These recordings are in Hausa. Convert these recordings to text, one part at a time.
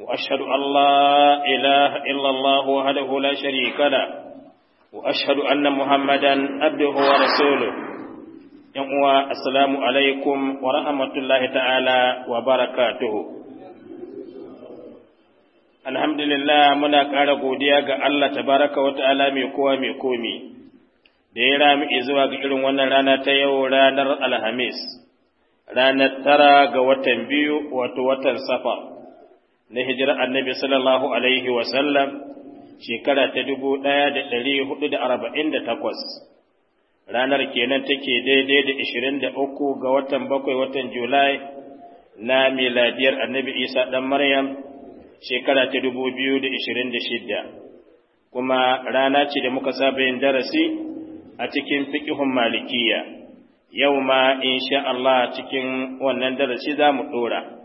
وأشهد أن لا إله إلا الله وحده لا شريك له وأشهد أن محمدا عبده ورسوله يقوى السلام عليكم ورحمة الله تعالى وبركاته الحمد لله muna ƙara godiya ga Allah tabaraka wa ta'ala mai kowa mai komi da ya rami zuwa ga irin wannan rana ta yau ranar Alhamis ranar tara ga watan biyu wato watan safar na hijirar annabi sallallahu alaihi wasallam shekara ta dubu ɗaya da ɗari hudu da arba'in da takwas ranar kenan take daidai da ishirin da uku ga watan bakwai watan julai na miladiyar annabi isa ɗan maryam shekara ta dubu biyu da ishirin da shida, kuma rana ce da muka saba yin darasi a cikin fiƙihun malikiya yau ma insha Allah cikin wannan darasi za mu ɗora.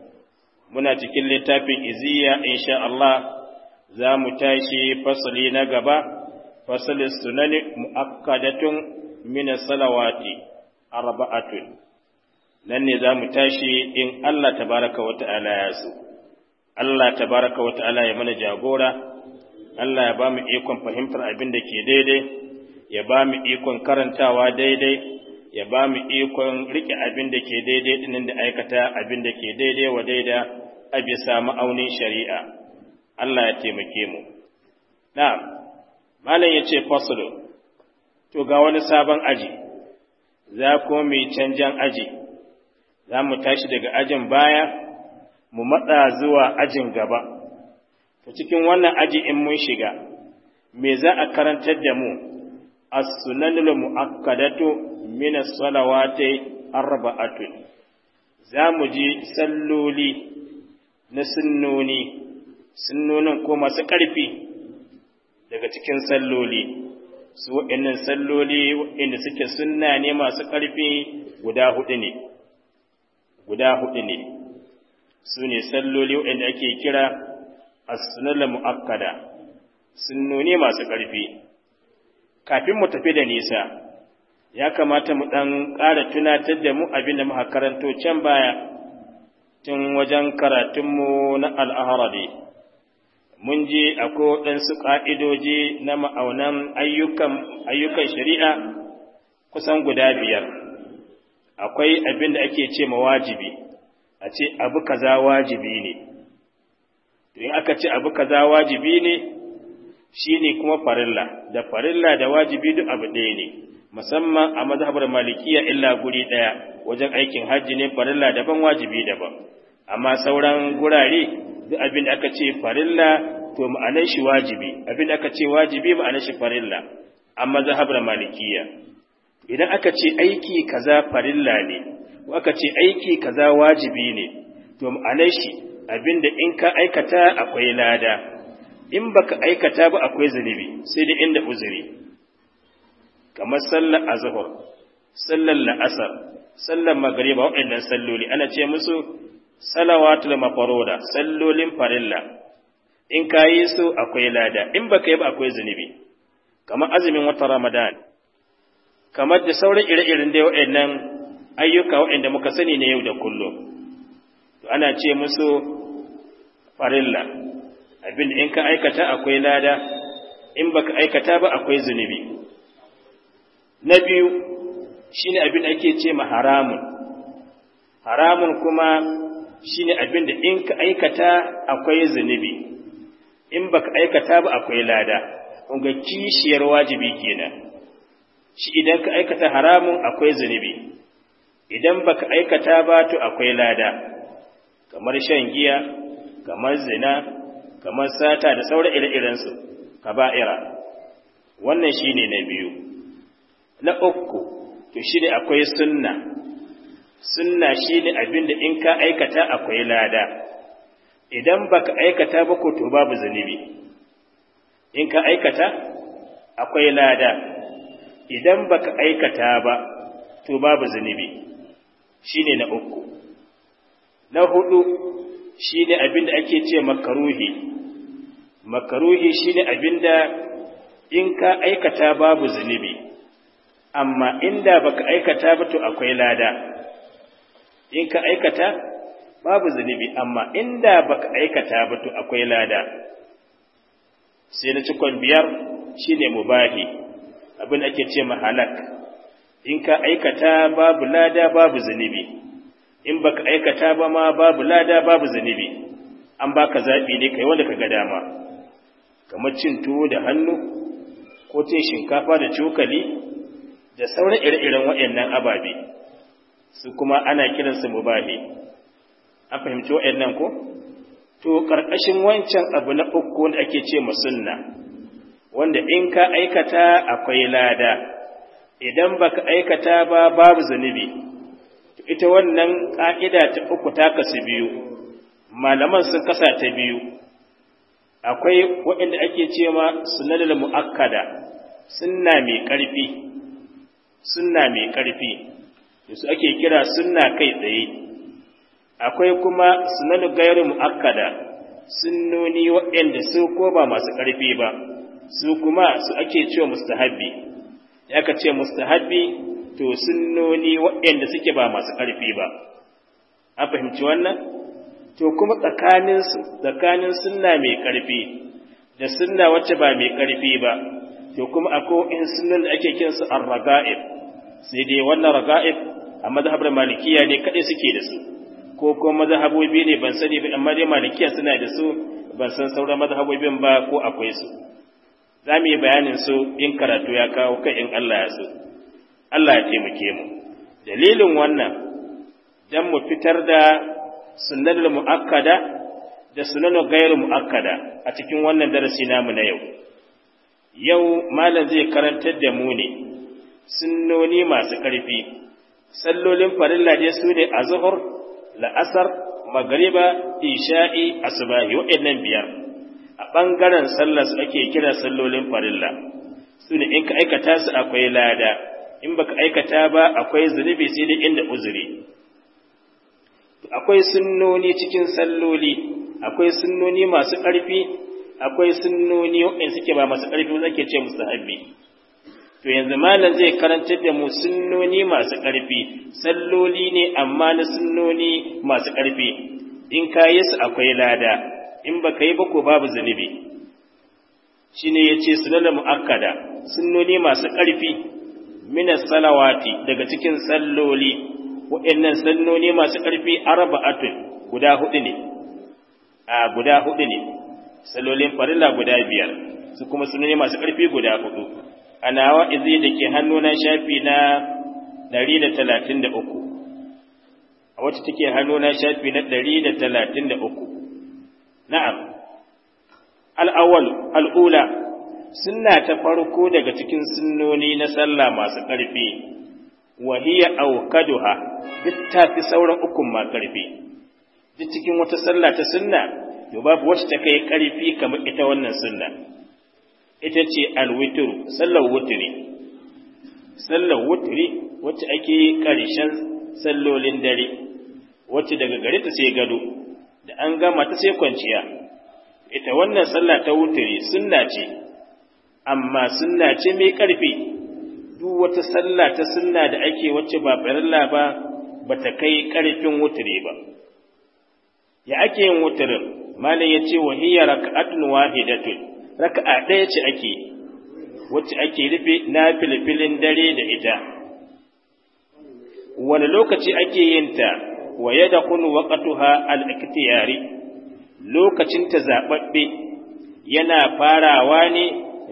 muna cikin littafin iziya insha Allah za mu tashi fasali na gaba fasalin sunani mu'akkadatun min salawati arba'atun nan ne za mu tashi in Allah tabaraka wa ta'ala ya so Allah tabaraka wa ta'ala ya mana jagora Allah ya ba mu ikon fahimtar abin da ke daidai ya ba mu ikon karantawa daidai ya ba mu ikon riƙe abin da ke daidai dinin da aikata abin da ke daidai wa daidai. a bisa ma'aunin shari'a Allah ya taimake mu na'am malam yace faslu to ga wani sabon aji za ko mai canjan aji za mu tashi daga ajin baya mu matsa zuwa ajin gaba to cikin wannan aji in mun shiga me za a karantar da mu as-sunanul mu'akkadatu min as-salawati arba'atun za mu ji salloli na sunnoni sunnonin ko masu ƙarfi daga cikin salloli su waɗannan salloli waɗanda suke sunna ne masu ƙarfi guda hudu ne guda hudu ne su ne salloli waɗanda ake kira as al mu'akkada sunnoni masu ƙarfi kafin mu tafi da nisa ya kamata mu ɗan ƙara tunatar da mu abin da muka karanto can baya tun wajen karatunmu na al'aharari, mun ji akwai waɗansu ƙa'idoji na ma'aunan ayyukan shari'a kusan guda biyar, akwai abin da ake ce ma wajibi, a ce abu kaza wajibi ne, in aka ce abu kaza wajibi ne, shi ne kuma farilla, da farilla da wajibi duk abu ɗaya ne. musamman a mazhabar malikiya illa guri ɗaya wajen aikin hajji ne farilla daban wajibi daban amma sauran gurare duk abin da aka ce farilla to ma'anar shi wajibi abin da aka ce wajibi ma'anar shi farilla a mazhabar malikiya idan aka ce aiki kaza farilla ne ko aka ce aiki kaza wajibi ne to ma'anar shi abin da in ka aikata akwai lada in baka aikata ba akwai zunubi sai da inda uzuri kamar sallar azhar sallar la'asar sallar magriba waɗannan salloli ana ce musu salawatul mafaroda sallolin farilla in ka yi su akwai lada in ba ka yi ba akwai zunubi kamar azumin wata ramadan kamar da sauran ire-iren da waɗannan ayyuka waɗanda muka sani ne yau da kullum to ana ce musu farilla abin in ka aikata akwai lada in baka aikata ba akwai zunubi na biyu shi ne abin da ake ce ma haramun haramun kuma shi ne abin da in ka aikata akwai zunubi in ba ka aikata ba akwai lada ga kishiyar wajibi kenan shi idan ka aikata haramun akwai zunubi idan ba ka aikata ba to akwai lada kamar shan giya kamar zina kamar sata da sauran ire-irensu ba'ira wannan shi ne na biyu na uku to shi ne akwai sunna sunna shi ne abin da in ka aikata akwai lada idan baka aikata ba ko to babu zunubi in ka aikata akwai lada idan baka aikata ba to babu zunubi shi ne na uku na hudu shi ne abin da ake ce makaruhi makaruhi shi ne abin da in ka aikata babu zunubi amma inda baka aikata ba to akwai lada in ka aikata babu zunubi amma inda baka aikata ba to akwai lada sai na cikon biyar shine mubahi abin ake ce mahalak in ka aikata babu lada babu zunubi in baka aikata ba ma babu lada babu zunubi an baka zaɓi ne kai wanda kaga ga dama kamar cin tuwo da hannu ko cin shinkafa da cokali da sauran ire-iren waɗannan ababe su kuma ana kiransu mubahi an fahimci waɗannan ko to ƙarƙashin wancan abu na uku wanda ake ce sunna wanda in ka aikata akwai lada idan baka aikata ba babu zunubi ita wannan ƙa'ida ta uku ta kasu biyu malaman sun kasa ta biyu akwai waɗanda ake ce ma sunanul mu'akkada sunna mai ƙarfi sunna mai ƙarfi su ake kira sunna kai tsaye akwai kuma sunan gairu mu'akkada sunnoni waɗanda su ko ba masu ƙarfi ba su kuma su ake cewa mustahabbi ya ka ce mustahabbi to sunnoni waɗanda suke ba masu ƙarfi ba an fahimci wannan to kuma su tsakanin sunna mai ƙarfi da sunna wacce ba mai ƙarfi ba to kuma akwai in da ake kinsu arraga'ib sai dai wannan raga'ib a mazhabar malikiya ne kaɗai suke da su ko kuma mazhabobi ne ban sani ba amma dai malikiya suna da su ban san sauran mazhabobin ba ko akwai su za mu yi bayanin su in karatu ya kawo kai in Allah ya so Allah ya taimake mu dalilin wannan dan mu fitar da sunnanul muakkada da sunnanul ghairu muakkada a cikin wannan darasi namu na yau yau malam zai karantar da mu ne sunnoni masu ƙarfi sallolin farilla dai su ne a zuhur la'asar magariba isha'i asubahi waɗannan biyar a ɓangaren sallar su ake kira sallolin farilla su ne in ka aikata su akwai lada in baka aikata ba akwai zunubi sai dai inda uzuri akwai sunnoni cikin salloli akwai sunnoni masu ƙarfi akwai sunnoni waɗanda suke ba masu ƙarfi wanda ake ce musu habbi to yanzu malam zai karantar da mu sunnoni masu ƙarfi salloli ne amma na sunnoni masu ƙarfi in ka yi su akwai lada in ba ka yi ba ko babu zunubi shi ne ya ce sunanar mu'akkada sunnoni masu ƙarfi mina salawati daga cikin salloli waɗannan sunnoni masu ƙarfi arba'atun guda hudu ne a guda hudu ne sallolin farilla guda biyar su kuma sunnoni masu ƙarfi guda hudu a nawa izi da ke hannuna shafi na 133 a wata take hannuna shafi na 133 na'am al'awwal al'ula suna ta farko daga cikin sunnoni na sallah masu ƙarfi wa hiya awqaduha duk ta fi sauran ukun ma ƙarfi duk cikin wata sallah ta sunna to babu wacce ta kai ƙarfi kamar ita wannan sunna ita ce alwitru sallar wutri sallar wuturi wacce ake ƙarshen sallolin dare wacce daga gare ta sai gado da an gama ta sai kwanciya ita wannan sallah ta wutri sunna ce amma sunna ce mai ƙarfi duk wata sallah ta sunna da ake wacce ba farilla ba ta kai ƙarfin wuturi ba ya ake yin wuturin, malam ya ce wa hiya raka'atun wahidatun raka'a ɗaya ce ake wacce ake rufe na filfilin dare da ita wani lokaci ake yin ta wa da kunu waqatuha al-iktiyari lokacin ta zababbe yana farawa ne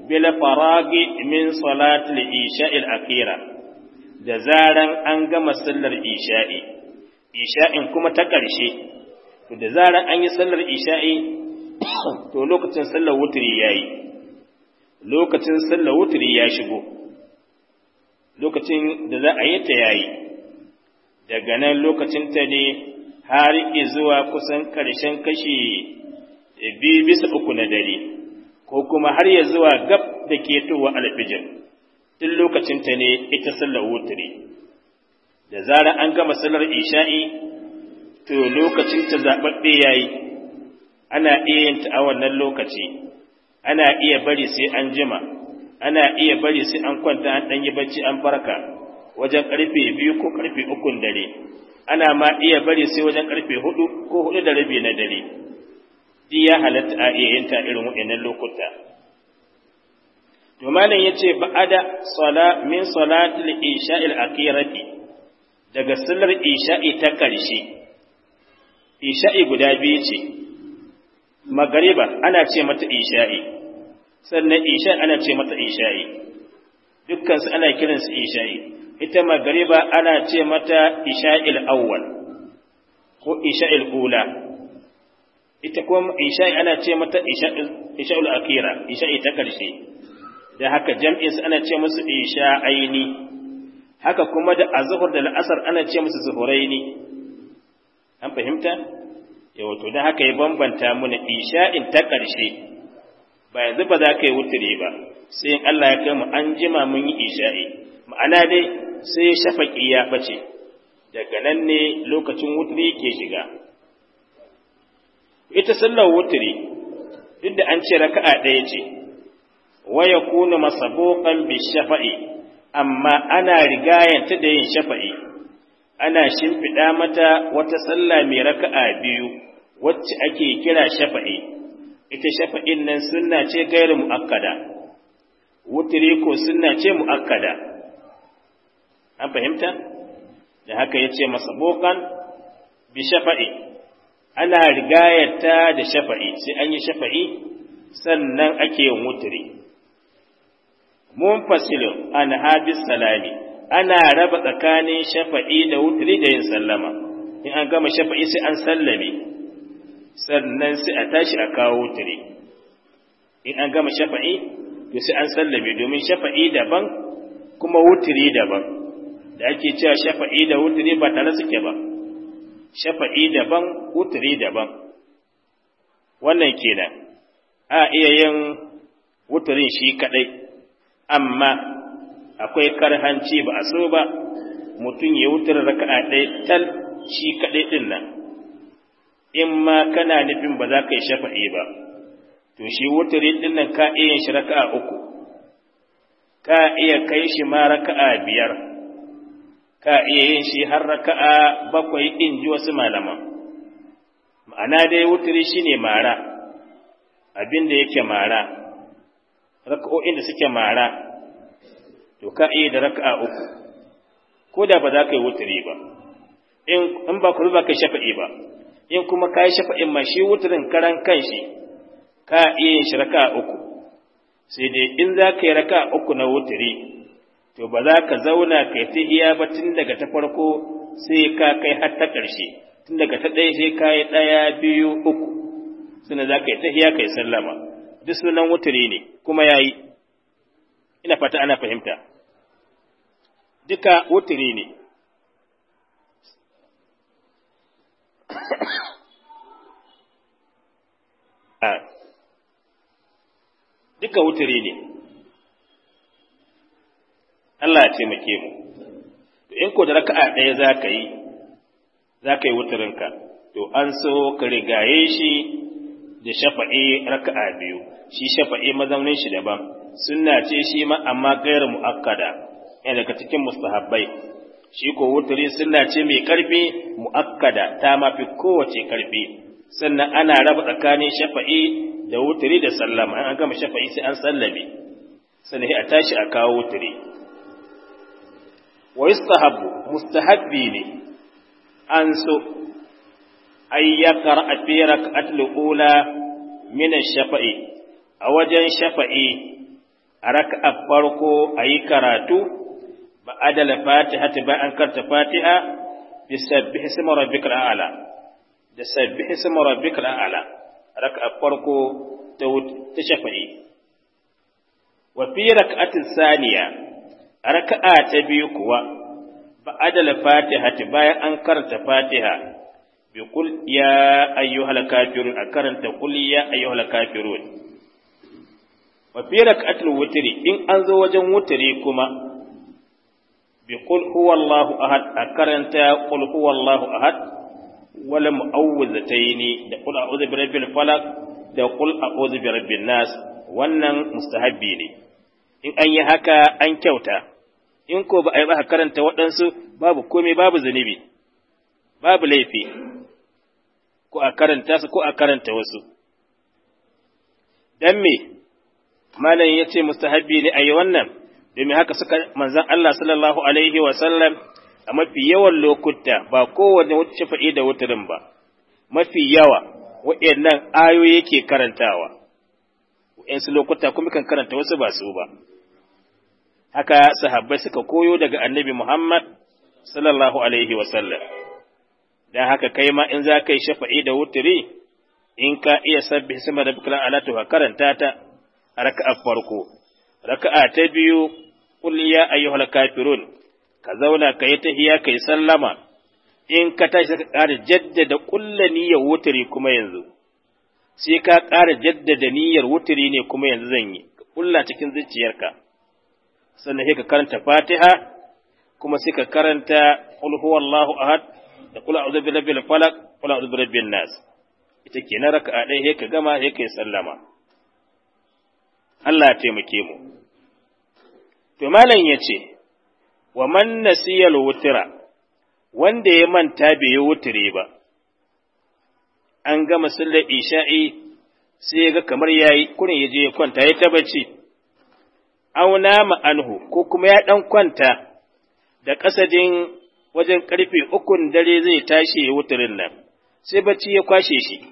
bil faragi min salatul isha'il akhira da zaran an gama sallar isha'i isha'in kuma ta ƙarshe to da zaran an yi sallar isha'i to lokacin sallar wuturi ya yi lokacin sallar wuturi ya shigo lokacin da za a yi ta ya yi daga nan lokacinta ne har zuwa kusan ƙarshen kashi biyu bisa uku na dare ko kuma har ya zuwa gab da ke towa alfijir tun lokacinta ne ita sallar wuturi da zarar an gama sallar isha'i to lokacin ta zaɓaɓɓe ya yi ana iya yin ta a wannan lokaci ana iya bari sai an jima ana iya bari sai an kwanta an ɗan yi bacci an farka wajen ƙarfe biyu ko ƙarfe ukun dare ana ma iya bari sai wajen ƙarfe hudu ko hudu da rabi na dare duk ya halatta a iya yin ta irin wa'annan lokuta to malam yace ba'ada sala min salatil isha'il akhirati daga sallar isha'i ta ƙarshe isha'i guda biyu ce magariba ana ce mata isha'i sannan isha'i ana ce mata isha'i dukkansu ana kiransu isha'i ita magariba ana ce mata isha'il awwal ko isha'il ula ita kuma isha'i ana ce mata isha'il akira isha'i ta karshe da haka jam'insu ana ce musu isha'aini haka kuma da azhar da al'asar ana ce musu zuhuraini an fahimta yawa to don haka ya bambanta mana isha'in ta ƙarshe ba yanzu ba za ka yi wuturi ba sai in Allah ya kai mu an jima mun yi isha'i ma'ana dai sai shafaƙi ya ɓace daga nan ne lokacin wuturi ke shiga ita sallar wuturi duk da an ce raka'a ɗaya ce waya kuna masabokan bi shafa'i amma ana rigayanta da yin shafa'i ana shimfiɗa mata wata sallah mai raka'a biyu wacce ake kira shafa'i ita shafa'in nan sunna ce gairu mu'akkada wutiri ko sunna ce mu'akkada an fahimta da haka yace masabokan bi shafa'i ana rigayata da shafa'i sai an yi shafa'i sannan ake yin wutiri munfasilun an habis salami ana raba tsakanin shafa'i da wutri da yin sallama in an gama shafa'i sai an sallame sannan sai a tashi a kawo wutri in an gama shafa'i to sai an sallame domin shafa'i daban kuma wutri daban da ake cewa shafa'i da wutri ba tare suke ba shafa'i daban wutri daban wannan kenan a iya yin wutrin shi kadai amma akwai karhanci ba a so ba mutum ya wutar raka'a ɗaya tal shi kaɗai ɗin nan in ma kana nufin ba za ka yi shafa'i ba to shi wutare ɗin nan ka iya yin shi raka'a uku ka iya kai shi ma raka'a biyar ka iya yin shi har raka'a bakwai ɗin ji wasu malaman ma'ana dai wutare shi ne mara abin da yake mara raka'o'in da suke mara to ka iya da raka'a uku ko da ba za ka yi wuturi ba in ba ku ba ka shafa'i ba in kuma ka yi shafa'in ma shi wuturin karan kanshi ka iya yin shi raka'a uku sai dai in za ka yi raka'a uku na wuturi to ba za ka zauna ka yi tihiya ba tun daga ta farko sai ka kai har ta ƙarshe tun daga ta ɗaya sai ka yi ɗaya biyu uku suna za ka yi tihiya ka yi sallama duk sunan wuturi ne kuma ya yi ina fata ana fahimta duka wuturi ne a duka wuturi ne Allah ya taimake mu in ko da raka'a ɗaya za ka yi za ka yi to an so ka rigaye shi da shafa'i raka'a biyu shi shafa'i mazaunin shi daban sunna ce shi ma amma gairu mu'akkada yana daga cikin mustahabbai shi ko wuturi sunna ce mai karfi mu'akkada ta ma fi kowace karfi sannan ana raba tsakanin shafa'i da wuturi da sallama an gama shafa'i sai an sallame sannan a tashi a kawo wuturi wa yustahabbu mustahabbi ne an so ayyakar a fi raka'atul ula min shafa'i a wajen shafa'i a raka'a farko a yi karatu ba adala fatiha ta bayan karta fatiha bi sabbihi sama rabbikal a'la da sabbihi sama rabbikal a'la raka'a farko ta ta shafa'i wa fi raka'atin saniya raka'a ta biyu kuwa ba adala fatiha ta bayan an karanta fatiha bi kul ya ayyuhal kafirun a karanta kul ya ayyuhal kafirun mafi raka'atul wutri in an zo wajen wutri kuma bi qul huwallahu ahad a karanta qul huwallahu ahad wal mu'awwizataini da qul a'udhu bi rabbil falaq da qul a'udhu bi rabbin nas wannan mustahabbi ne in an yi haka an kyauta in ko ba a yi ba karanta waɗansu babu komai babu zunubi babu laifi ko a karanta su ko a karanta wasu dan me malam ya ce mustahabbi ne a yi wannan domin haka suka manzan Allah sallallahu alaihi wa sallam a mafi yawan lokuta ba kowane wata shafa'i da wutarin ba mafi yawa waɗannan ayoyi yake karantawa waɗansu lokuta kuma kan karanta wasu ba su ba haka sahabbai suka koyo daga annabi Muhammad sallallahu alaihi wa sallam dan haka kai ma in za ka yi shafa'i da wuturi in ka iya sabbi sama da bukran alatu ka karanta ta raka'a farko raka'a ta biyu qul ya ayyuhal kafirun ka zauna ka yi tahiya ka yi sallama in ka tashi ka ƙara jaddada ƙulla niyyar wuturi kuma yanzu sai ka ƙara jaddada niyyar wuturi ne kuma yanzu zan yi ka ƙulla cikin zuciyarka sannan sai ka karanta fatiha kuma sai ka karanta qul huwallahu ahad da qul a'udhu birabbil falaq qul a'udhu birabbin nas ita kenan raka'a ɗaya sai ka gama sai ka yi sallama Allah ya taimake mu to malam yace wa man nasiyal wutra wanda ya manta bai yi wutire ba an gama sallar isha'i sai ya ga kamar yayi kurin ya ya kwanta ya ta ci. auna ma anhu ko kuma ya ɗan kwanta da kasadin wajen karfe ukun dare zai tashi ya wuturin nan sai bacci ya kwashe shi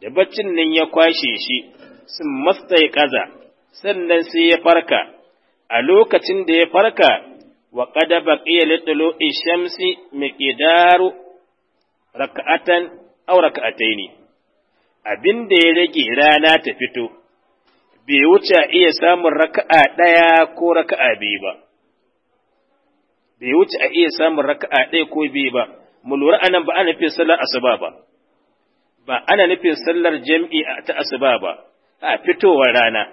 da baccin nan ya kwashe shi sun ya kaza, sannan sai ya farka, a lokacin da ya farka, wa ƙada baƙiya littalo ishamsi miƙidaru raka'atan au raka'atai ne, abin da ya rage rana ta fito, bai wuce iya samun raka'a ɗaya ko raka'a biyu ba. bai wuce a iya samun raka'a ɗaya ko biyu ba, mu lura a nan ba ana nufin sallar asuba ba, ba ana nufin sallar jam'i ta asuba ba, a fitowar rana,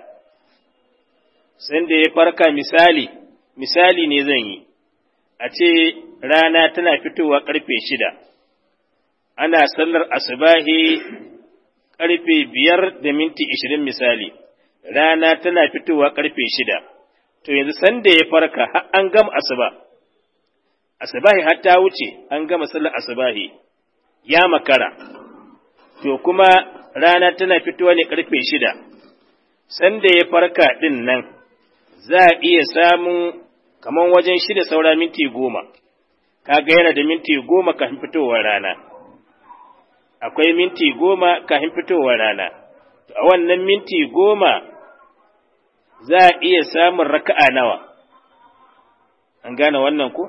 sanda ya farka misali, misali ne zan yi, a ce rana tana fitowa ƙarfe shida, ana sallar asubahi ƙarfe biyar da minti ishirin misali, rana tana fitowa ƙarfe shida, to yanzu sanda ya farka har an gama asuba, asubahi har ta wuce an gama sallar asubahi, ya makara, to kuma rana tana fitowa ne karfe shida, sanda ya farka ɗin nan, za a iya samun kamar wajen shida saura minti goma, kaga yana da minti goma kafin fitowar rana, akwai minti goma kafin fitowar rana, a wannan minti goma za a iya samun raka'a nawa, an gane wannan ko?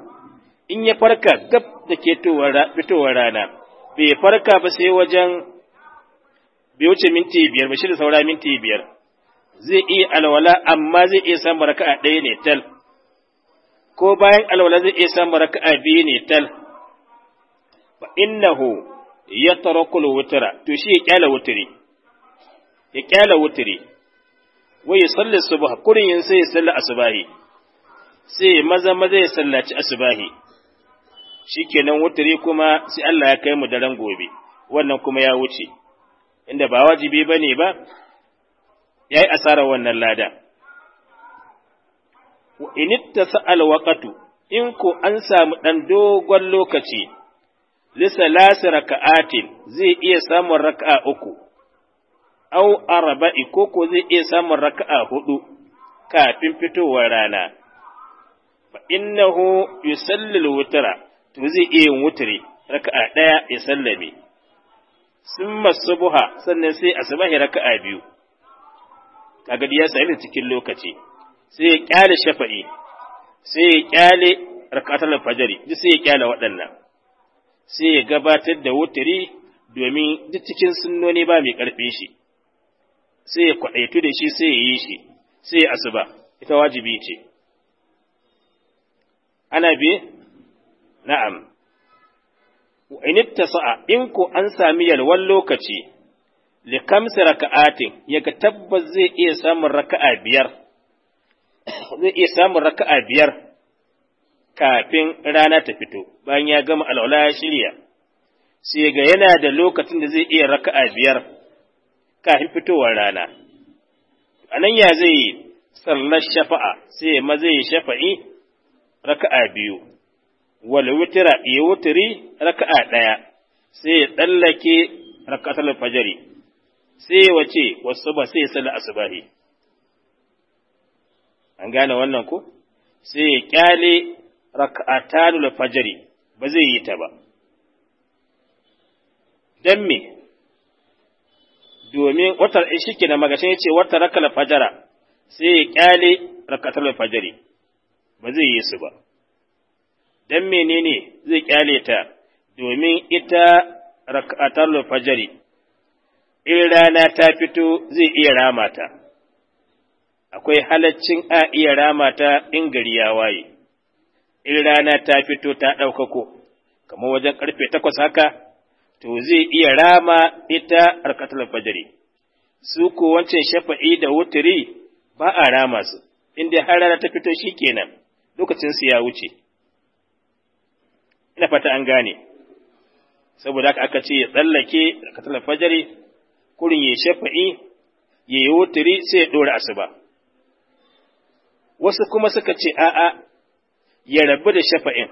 In ya farka gab da ke fitowar rana, bai farka ba sai wajen bai wuce minti biyar ba shi da saura minti biyar zai iya alwala amma zai iya samun raka'a ɗaya ne tal ko bayan alwala zai iya samun raka'a biyu ne tal fa innahu kula wutura to shi ya kyala wutri ya kyala wutri wai sallar subha kurin yin sai salla asubahi sai maza maza ya sallaci asubahi shikenan wutri kuma sai Allah ya kai mu daren gobe wannan kuma ya wuce inda ba wajibi ba ne ba, ya yi asarar wannan lada. ta sa'al waƙatu, in ko an samu ɗan dogon lokaci, lisalasi raka'atin zai iya samun raka'a uku, au arba'i ko ko zai iya samun raka'a hudu kafin fitowar rana. Fa innahu yusallil wutura, to zai iya yin wuturi, raka'a ɗaya ya sallame. sun buha sannan sai sabahi raka'a biyu kaga ya sami cikin lokaci sai ya kyale shafa'i sai ya kyale rakatul fajari, duk sai ya kyale waɗannan sai ya gabatar da wutari domin duk cikin sunnoni ba mai karfin shi sai ya kwadaitu da shi sai ya yi shi sai ya asuba ita wajibi ce ana bi na'am Wa'initta sa'a, in ko an sami yalwan lokaci, likamsa raka'atin, yaga tabbas zai iya samun raka'a biyar, zai iya samun raka'a biyar kafin rana ta fito, bayan ya gama alwala ya shirya, sai ga yana da lokacin da zai iya raka'a biyar kafin fitowar rana. A nan ya zai yi, sallar shafa'a, sai ma zai yi shafa'i raka'a biyu. wal witra ya wutri raka'a ɗaya sai ya tsallake raka'atul fajri sai ya wace wasu ba sai ya salla asubahi an gane wannan ko sai ya kyale raka'atul fajri ba zai yi ta ba dan me domin watar shike na magashin yace wata raka'atul fajara sai ya kyale raka'atul fajri ba zai yi su ba dan menene zai kyale ta domin ita rak'atul fajri in rana ta fito zai iya rama ta akwai halaccin a iya rama ta in gari ya waye in rana ta fito ta ɗaukako kamar wajen ƙarfe takwas haka to zai iya rama ita rak'atul fajri su ko wancan shafa'i da wutiri ba a rama su inda har rana ta fito shikenan lokacin su ya wuce ina fata an gane saboda haka aka ce ya tsallake katal fajari kurin ya shafa'i ya yi wuturi sai ya dora asuba wasu kuma suka ce a'a ya rabu da shafa'in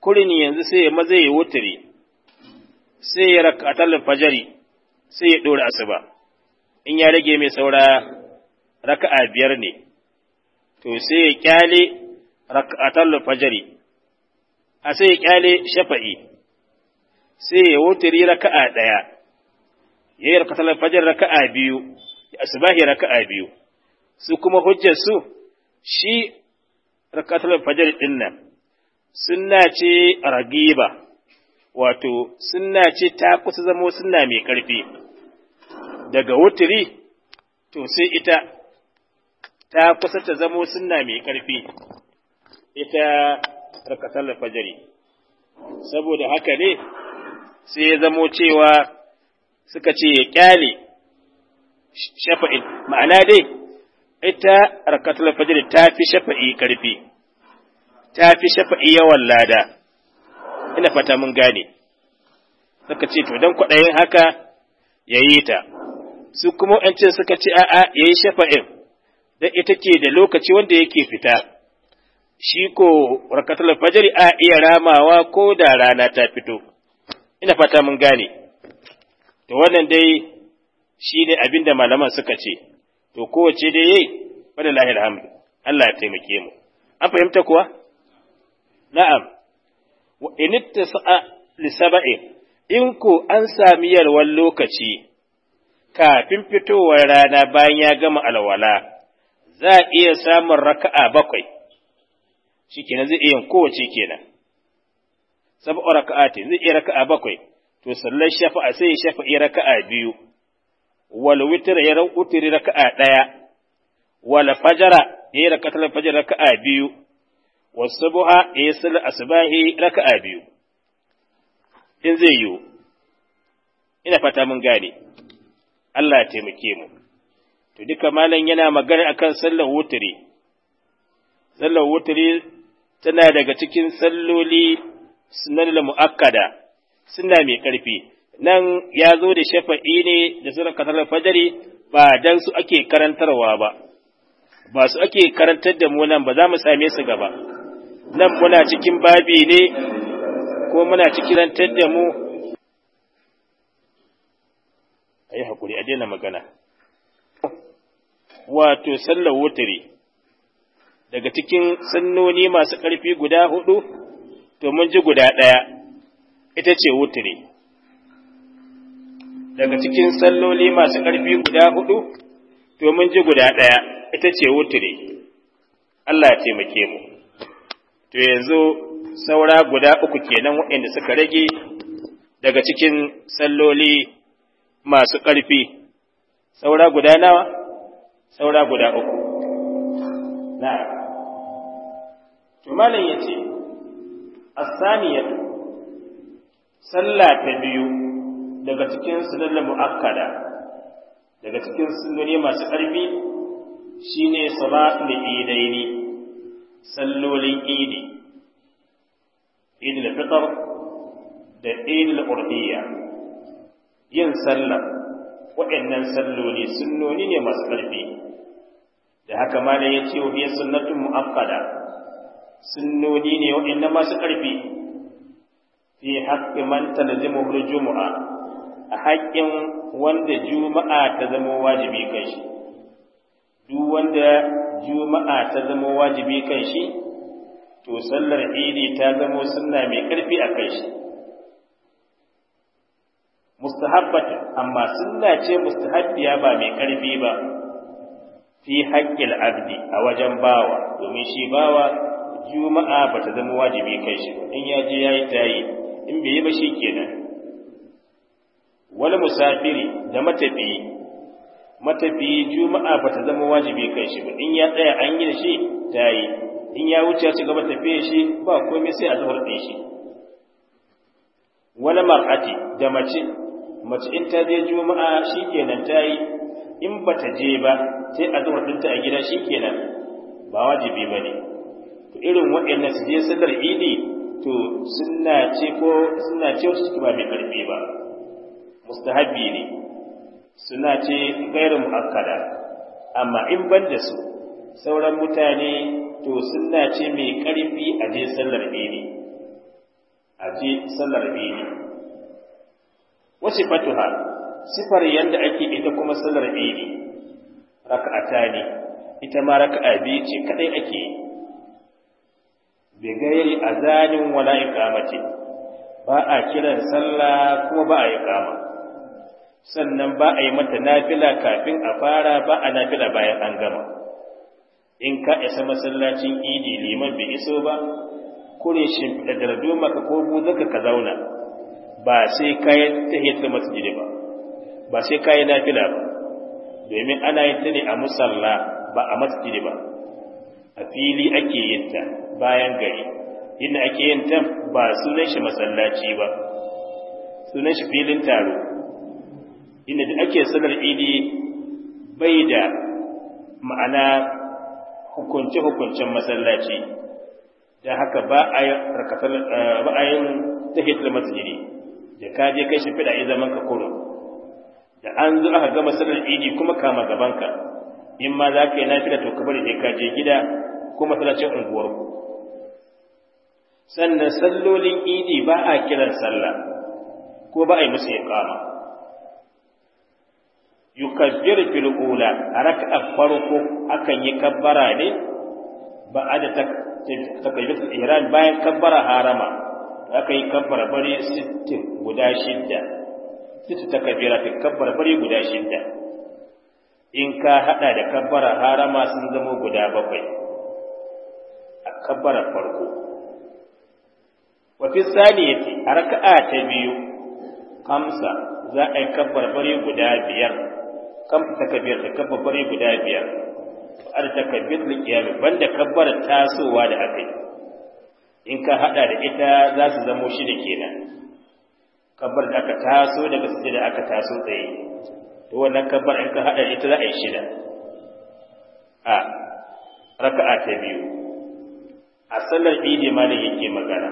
kurin yanzu sai ya maza ya wuturi sai ya rakatal fajari sai ya dora asuba in ya rage mai saura raka'a biyar ne to sai ya kyale rakatal fajari a sai ya kyale shafa'i sai ya yi raka'a ɗaya ya yi rakatar fajar raka'a biyu ya asibahi raka'a biyu su kuma hujjar su shi rakatar fajar ɗin nan sunna ce ragiba wato sunna ce ta kusa zamo sunna mai ƙarfi daga wutiri to sai ita ta kusa ta zamo sunna mai ƙarfi ita rakatar fajari saboda haka ne sai ya zamo cewa suka ce ya kyale shafa'in ma'ana dai ita rakatul fajr ta fi shafa'i karfi ta fi shafa'i yawan lada ina fata mun gane suka ce to dan kwaɗayin haka yayi ta su kuma yancin suka ce a'a yayi shafa'in dan ita ke da lokaci wanda yake fita shi ko rakatul fajri a iya ramawa ko da rana ta fito ina fata mun gane to wannan dai shine abinda malaman suka ce to kowace dai yayi wala lahil Allah ya taimake mu an fahimta kuwa na'am wa in li sab'in in ko an sami yalwar lokaci kafin fitowar rana bayan ya gama alwala za a iya samun raka'a bakwai shikenan zai iya kowace kenan sab'u raka'atin zai iya raka'a bakwai to sallar shafa'a sai ya shafa'i raka'a biyu wal witr ya ran utri raka'a daya wal fajara ya raka'a fajr raka'a biyu was subha ya sallar asbahi raka'a biyu in zai yiwu ina fata mun gane Allah ya taimake mu to duka malam yana magana akan sallar wutri sallar wutri tana daga cikin salloli sunan mu'akkada suna mai ƙarfi nan ya zo da shafa'i ne da suna katar fajari ba dan su ake karantarwa ba ba su ake karantar da mu nan ba za mu same su gaba nan muna cikin babi ne ko muna cikin rantar da mu a yi haƙuri a daina magana wato sallar wutari daga cikin sunnoni masu ƙarfi guda hudu, to mun ji guda ɗaya, ita ce wutiri. Daga cikin salloli masu ƙarfi guda hudu, to mun ji guda ɗaya, ita ce wutiri. Allah ya taimake mu. To yanzu saura guda uku kenan waɗanda suka rage daga cikin salloli masu ƙarfi, saura guda nawa, saura guda uku. Na'am. malam ya ce asaniyar sallah ta biyu daga cikin sunan mu'akkada daga cikin sunani masu ƙarfi shine salatul idaini sallolin idi idil fitr da idil urdiya. yin sallah waɗannan salloli sunnoni ne masu ƙarfi da haka malam ya ce wa biyan sunnatun mu'akkada sunnoni ne waɗanda masu ƙarfi fi haƙƙi man talzimu juma'a a haƙƙin wanda juma'a ta zama wajibi kan shi duk wanda juma'a ta zama wajibi kan shi to sallar idi ta zama sunna mai ƙarfi a kan shi mustahabbata amma sunna ce mustahabbiya ba mai ƙarfi ba fi haƙƙil abdi a wajen bawa domin shi bawa juma'a ba ta zama wajibi kai shi in ya je ya yi tayi in bai yi ba shi kenan wani musafiri da matafiyi matafiyi juma'a ba ta zama wajibi kai shi ba in ya tsaya an yi shi tayi in ya wuce shi gaba tafiye shi ba komai sai a zuhur ɗin shi wani mar'ati da mace mace in ta je juma'a shi kenan tayi in ba ta je ba sai a zuhur ɗinta a gida shi kenan ba wajibi ba ne irin waɗannan su je sallar idi to suna ce ko suna ce ciki ba mai ƙarfi ba mustahabi ne suna ce gairu mu'akkada amma in ban da su sauran mutane to suna ce mai karfi a je sallar idi a je sallar idi wace fatuha sifar yadda ake ita kuma sallar idi raka'ata ne ita ma raka'a biyu ce kadai ake yi bi a azanin wala iqamati ba a kiran sallah kuma ba a kama, sannan ba a yi mata nafila kafin a fara ba a nafila bayan an gama in ka isa masallacin idi liman bai iso ba kure da dardo maka ko buzaka ka zauna ba sai ka yi ta hita masjid ba ba sai ka yi nafila ba domin ana yin ta ne a musalla ba a masjid ba a fili ake yin ta bayan gari inda ake yin ta ba sunan shi masallaci ba sunan shi filin taro inda da ake sanar idi bai da ma'ana hukunce-hukuncen masallaci da haka ba a eh, yin tahiyatul masjidi da ka je kai shi fida a zaman ka kurun da an zo aka gama sanar idi kuma kama gabanka in ma za ka yi nafila to ka bari sai ka je gida ko masallacin unguwarku sannan sallolin idi ba a kiran sallah ko ba a yi musu iqama yukabbiru fil ula a rak'ar farko akan yi kabbara ne ba a da takabbatul ihram bayan kabbara harama aka yi kabbara bari 60 guda shidda sita takabira fil kabbara bari guda shidda in ka hada da kabbara harama sun zama guda bakwai kabbara farko wa fi saniyati a raka'a ta biyu kamsa za a yi kabbar bare guda biyar kamsa takabir da kabbar bare guda biyar ta takabir da kiyami banda kabbar tasowa da aka yi in ka hada da ita za su zamo shida kenan kabbar da aka taso daga da aka taso tsaye to wannan kabbar in ka hada ita za a yi shida a raka'a ta biyu a sallar idi ma da yake magana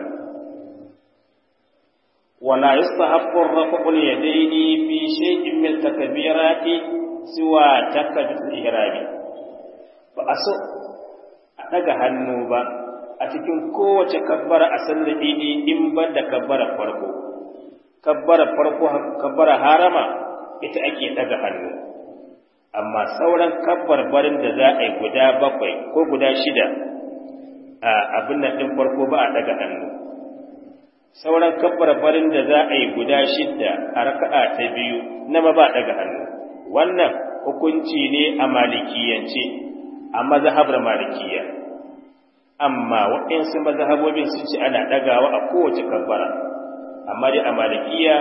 wala yastahabbu rafu al-yadaini fi shay'in min takbirati siwa takbiratul ihrami ba a so a daga hannu ba a cikin kowace kabbara a sallar idi in ba da kabbara farko kabbara farko kabbara harama ita ake daga hannu amma sauran kabbar barin da za a yi guda bakwai ko guda shida abin nan ɗin farko ba a daga hannu sauran kabbar farin da za a yi guda shidda a raka'a ta biyu na ba ɗaga daga hannu wannan hukunci ne a malikiyance a mazhabar malikiya amma waɗansu mazhabobin sun ce ana ɗagawa a kowace kabbara amma dai a malikiya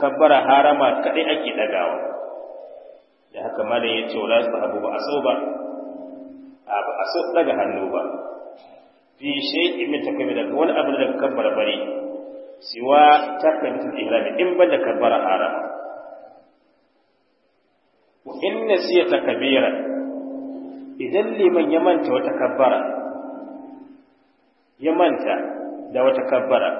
kabbara harama kaɗai ake ɗagawa da haka malam ya ce wala su abu ba a so ba a so ɗaga hannu ba fi shay'in min takbir daga wani abu daga kabbara bari siwa takbiratul ihrami in ba da kabbara haram wa in nasiya takbira idan liman ya manta wata kabbara ya manta da wata kabbara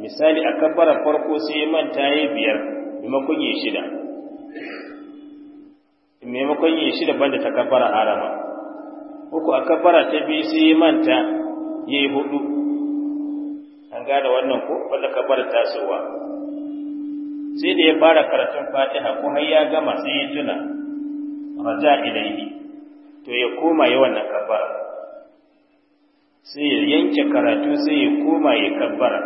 misali a kabbarar farko sai ya manta ya biyar maimakon ya shida maimakon ya shida banda ta kabbara harama uku a kabbara ta biyu sai ya manta ya yi hudu an gane wannan ko wanda ka bar tasowa sai da ya fara karatun fatiha ko har ya gama sai ya tuna raja ilaihi to ya koma ya wannan kabbara sai ya yanke karatu sai ya koma ya kabbara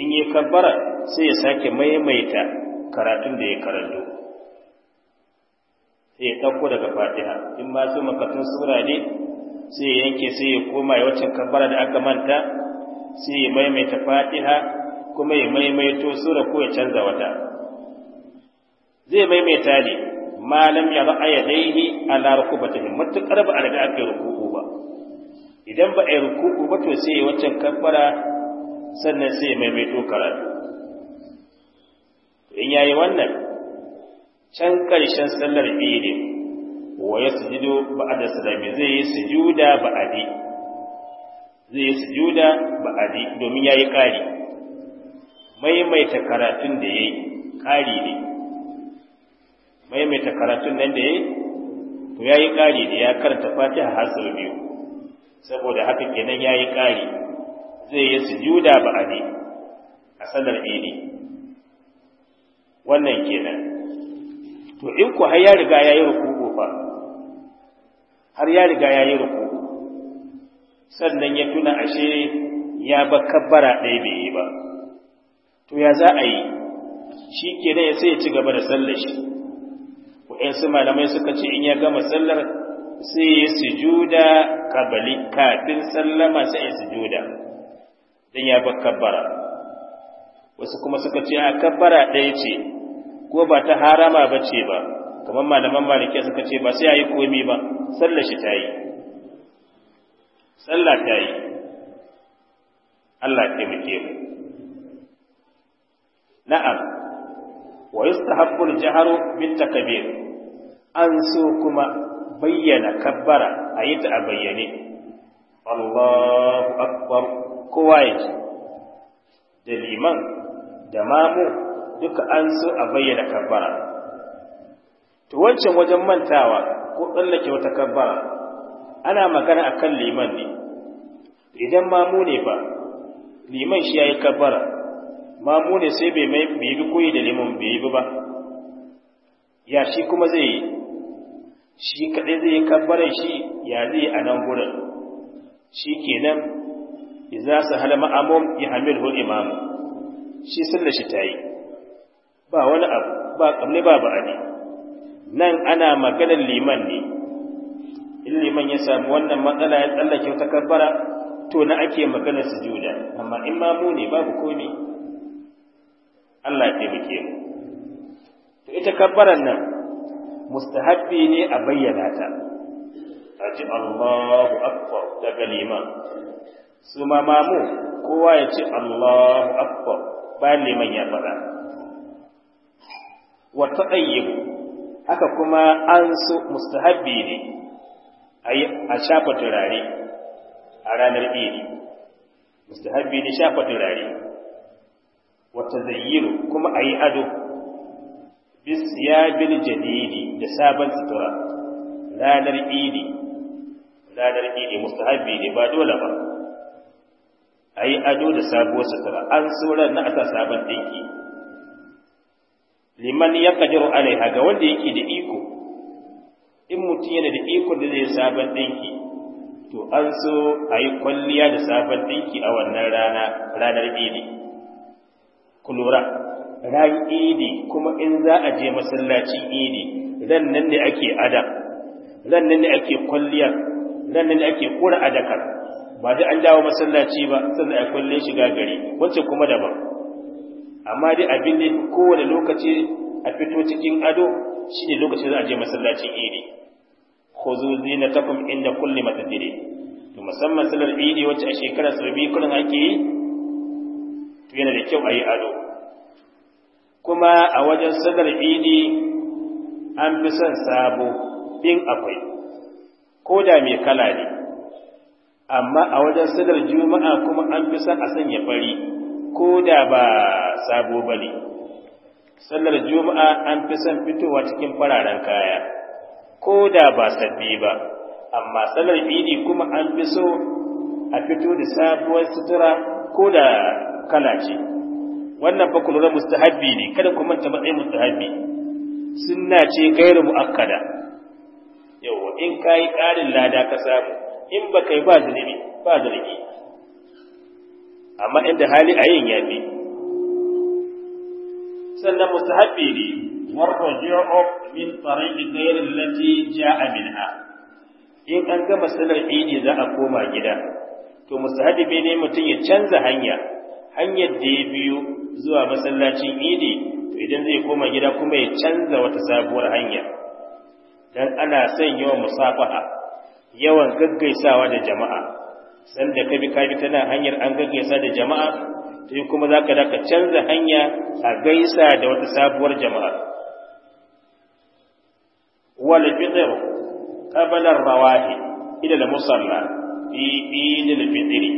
in ya kabbara sai ya sake maimaita karatun da ya karanto sai ya ɗauko daga fatiha in ma su makatun sura ne sai ya yanke sai ya koma ya wacce kabbara da aka manta sai ya maimaita fatiha kuma ya maimaito sura ko ya canza wata zai maimaita ne malam ya a yi daihi ala rukubatihi matukar ba a daga aka yi rukuku ba idan ba a yi rukuku ba to sai ya wacce kabbara sannan sai ya maimaito karatu in yayi wannan can karshen sallar ne. wa yasjudu ba'da salami zai yi sujuda ba'adi zai yi sujuda ba'adi domin yayi kari maimaita karatun da yayi kari ne maimaita karatun nan da yayi to yayi kari da ya karanta Fatiha har sau biyu saboda haka kenan yayi kari zai yi sujuda ba'adi a sanar idi wannan kenan to in ku har ya riga yayi ruku har ya riga ya yi ruku sannan ya tuna ashe ya ba kabbara ɗaya bai yi ba to ya za a yi shi ke ya sai ya ci gaba da sallar shi su malamai suka ce in ya gama sallar sai ya sujuda kabali kafin sallama sai ya sujuda don ya ba kabbara wasu kuma suka ce a kabbara ɗaya ce ko ba ta harama ba ce ba kamar malaman malikiya suka ce ba sai a yi komi ba sallar shi ta yi sallah ta yi Allah ke muke mu na'am wa yustahabbu al jaharu bit takbir an so kuma bayyana kabbara ayi ta bayyane Allahu akbar kowa yake da liman da mamu duka an so a bayyana kabbara to wancan wajen mantawa ko tsallake wata kabbara ana magana akan liman ne idan mamu ne ba liman shi yayi kabbara mamu ne sai bai mai bai bi koyi da liman bai yi ba ya shi kuma zai yi shi kadai zai yi kabbaran shi ya zai a nan gurin shi kenan idza sahala ma'amum yahmiluhu imam shi sallar shi tayi ba wani abu ba kamne ba ba'adi nan ana maganar liman ne in liman ya samu wannan matsala ya tsallake wata kabbara to na ake maganar sujuda amma in ma mu ne babu komai Allah ya taimake mu to ita kabbaran nan mustahabbi ne a bayyana ta aji Allahu akbar daga liman su ma mamu kowa ya ce Allahu akbar bayan liman ya faɗa wa taqayyib haka kuma an so mustahabbi ne a shafa turare a ranar idi mustahabbi ne shafa turare wata zayyiru kuma a yi ado bisiyabil jadidi da sabon sutura ranar idi ranar idi mustahabbi ne ba dole ba a yi ado da sabuwar sutura an so na asa sabon dinki liman yaqdiru alaiha ga wanda yake da iko in mutum yana da iko da zai sabon dinki to an so a yi kwalliya da sabon ɗinki a wannan rana ranar idi ku lura ran idi kuma in za a je masallacin idi ran nan ne ake ada ran nan ne ake kwalliya ran nan ne ake kura adakar ba da an dawo masallaci ba sannan a kwalle shiga gari wacce kuma daban amma dai abin da yafi kowane lokaci a fito cikin ado shine lokacin za a je masallacin idi khuzu zinatakum inda kulli masjid to musamman sallar idi wacce a shekara sarbi kullun ake yi to yana da kyau a yi ado kuma a wajen sallar idi an fi son sabo in akwai ko da mai kala ne amma a wajen salar juma'a kuma an fi son a sanya fari ko da ba sabo ba sallar juma'a an fi son fitowa cikin fararen kaya ko da ba sabbi ba amma sallar idi kuma an fi so a fito da sabuwar sutura ko da kala ce wannan fa kullu mustahabbi ne kada ku manta matsayin mustahabbi sunna ce gairu muakkada Yau, in kai ƙarin lada ka samu in baka yi ba zunubi ba zargi. amma inda hali a yin yafi sannan mustahabbi ne jiyo min tariqi ghayri ja ja'a minha in an gama sanar idi za a koma gida to mustahabbi ne mutum ya canza hanya hanyar da ya biyo zuwa masallacin idi to idan zai koma gida kuma ya canza wata sabuwar hanya dan ana son yawan musafaha yawan gaggaisawa da jama'a Sanda ka bi ka bi tana hanyar an gaggaisa da jama'a sai kuma za ka daka canza hanya a gaisa da wata sabuwar jama'a wal fitr qabla rawahi ila al musalla fi idil fitri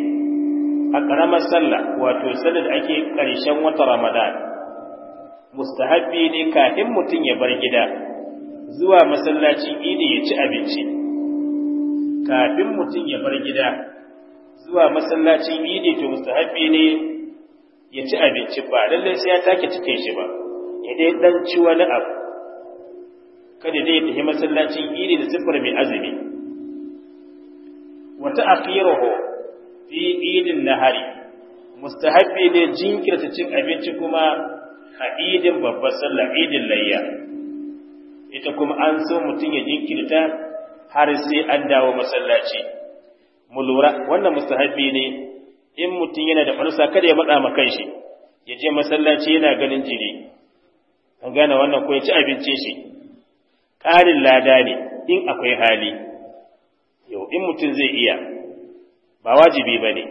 a karamar sallah wato sallar da ake karshen wata ramadan mustahabbi ne kafin mutum ya bar gida zuwa masallacin idi ya ci abinci kafin mutum ya bar gida zuwa masallacin idi to mustahabi ne ya ci abinci ba lallai sai ya take cikin shi ba ya dai dan ci wani abu kada dai tafi masallacin idi da siffar mai azumi wa ta'khiruhu fi idin nahari mustahabi ne jinkirta cin abinci kuma a idin babbar sallah idin layya ita kuma an so mutum ya jinkirta har sai an dawo masallaci mu lura wannan mustahabi ne in mutum yana da farsa kada ya matsa maka shi. ya je masallaci yana ganin jiri an gane wannan ko ya ci abincin shi ƙarin lada ne in akwai hali yau in mutum zai iya ba wajibi ba ne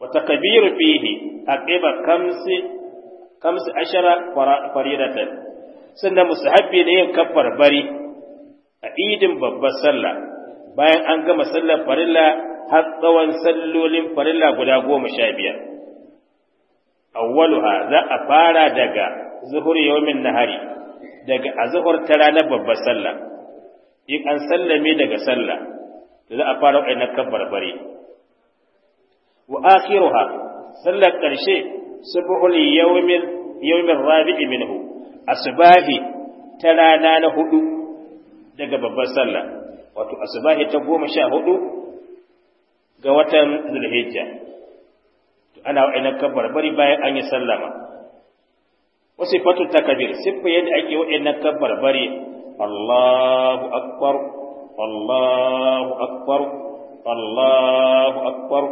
wata kabiru fihi a ƙiba kamsi kamsi ashara faridatan sannan musahabbi ne yin kafar bari a idin babbar sallah bayan an gama sallar farilla har tsawon sallolin farilla guda goma sha biyar awwaluha za a fara daga zuhur yawmin nahari daga zuhur ta ranar babbar sallah in an sallame daga sallah za a fara na kabbar bare wa akhiruha sallar karshe subhul yawmin yawmin rabi'i minhu asbahi ta rana na hudu daga babbar sallah wato asubahi ta goma sha hudu ga watan zulhijja ana wa'annan kabbar bari bayan an yi sallama wasu fatu takabir siffa yadda ake wa'annan kabbar bari Allahu akbar Allahu akbar Allahu akbar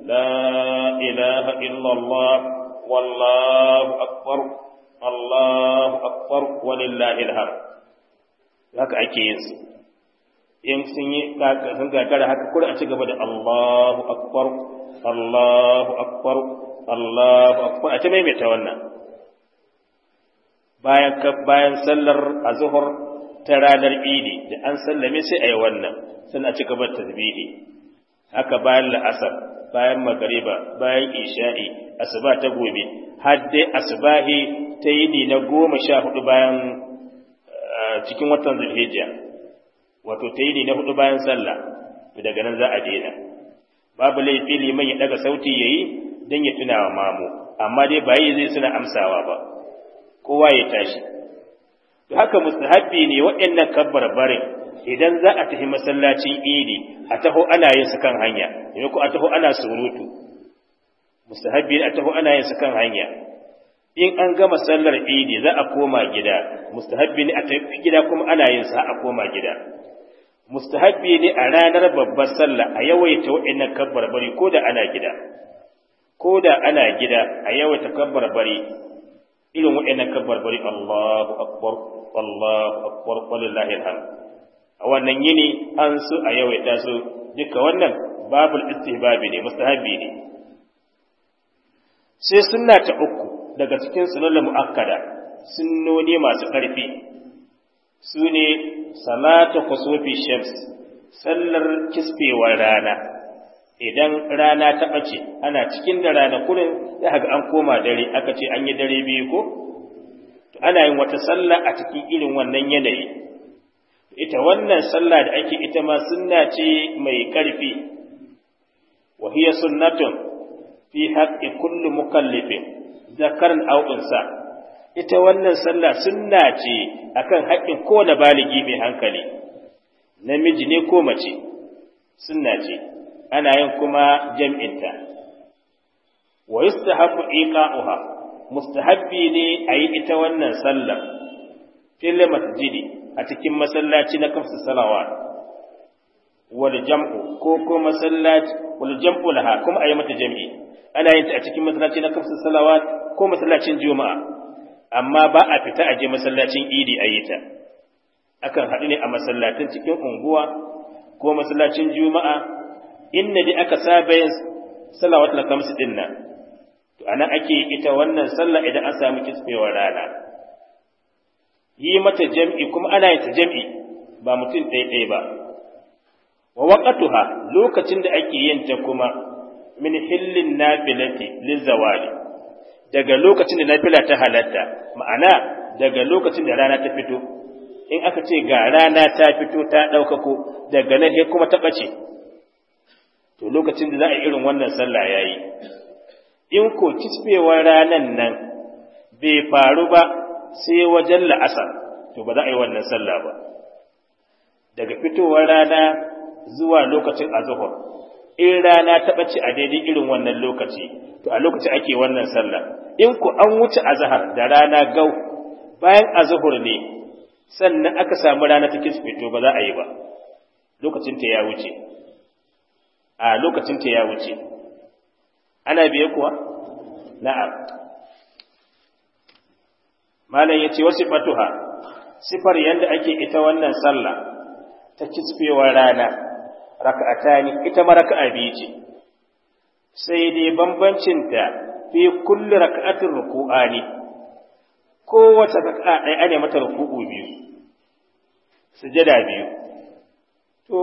la ilaha illallah wallahu akbar Allahu akbar walillahi alhamd haka ake yin su in sun yi sun gagara haka kura a ci gaba da Allahu akbar Allahu akbar Allahu akbar a mai ta wannan bayan bayan sallar azhar ta ranar idi da an sallame sai ayi wannan sun a ci gaba da tasbihi haka bayan la'asar bayan magariba bayan isha'i asuba ta gobe har dai asubahi ta yini na goma sha hudu bayan eh, cikin watan zulhijja wato ta yi na hudu bayan sallah to daga nan za a daina babu laifi liman ya daga sauti yayi dan ya tuna wa mamu amma dai ba yi zai suna amsawa ba kowa ya tashi to haka mustahabbi ne waɗannan kabbar barin idan za a tafi masallacin idi a taho ana yin su kan hanya ne ko a taho ana surutu mustahabi a taho ana yin su kan hanya in an gama sallar idi za a koma gida mustahabi ne a tafi gida kuma ana yin sa a koma gida mustahabbi ne a ranar babbar sallah a yawaita wa'annan kabbar bari ko da ana gida ko da ana gida a yawaita kabbar bari irin wa'annan kabbar bari Allahu akbar Allahu akbar wallahi alhamd a wannan yini an su a yawaita su duka wannan babul istihbabi ne mustahabbi ne sai sunna ta uku daga cikin sunan muakkada sunnoni masu ƙarfi su ne salatu kusufi shams sallar kispewar rana idan rana ta ɓace ana cikin da rana kurin ya ga an koma dare aka ce an yi dare biyu ko ana yin wata sallah a cikin irin wannan yanayi ita wannan sallah da ake ita ma sunna ce mai ƙarfi wa hiya sunnatun fi haqqi kulli mukallifin zakaran aw unsa ita wannan sallah sunna ce akan haƙƙin kowane baligi mai hankali namiji ne ko mace sunna ce ana yin kuma jam'inta wa yustahabbu iqa'uha mustahabbi ne a yi ita wannan sallah fil masjidi a cikin masallaci na kafsa salawa wal jam'u ko ko masallaci wal jam'u laha kuma a yi mata jam'i ana yin ta a cikin masallaci na kafsa salawa ko masallacin juma'a amma ba a fita a je masallacin idi a yi ta akan haɗu ne a masallacin cikin unguwa ko masallacin juma'a inda dai aka saba yin salawat na kamsu nan to anan ake ita wannan sallah idan an samu kitsewa rana yi mata jam'i kuma ana yin ta jam'i ba mutum ɗaya ba wa waqatuha lokacin da ake yin ta kuma min hillin nafilati lizawali daga lokacin da nafila ta halatta ma'ana daga lokacin da rana ta fito in aka ce ga rana ta fito ta ɗaukako daga nan sai kuma ta ɓace to lokacin da za a irin wannan sallah ya yi in ko kisfewar ranan nan bai faru ba sai wajen la'asar to ba za a yi wannan sallah ba daga fitowar rana zuwa lokacin azuhur in rana ta ɓace a daidai irin wannan lokaci to a lokaci ake wannan sallah in ku an wuce azhar da rana gau bayan azahur ne sannan aka samu rana ta kisfeto ba za a yi ba lokacin ya wuce a lokacin ya wuce ana biye kuwa na'am malam yace wasu fatuha sifar yadda ake ita wannan sallah ta kisfewar rana raka'atani ita ma raka'a biyu ce sai dai bambancinta fi kulli raka'atin ruku'ani kowace raka'a ɗaya ane mata ruku'u biyu sujada biyu to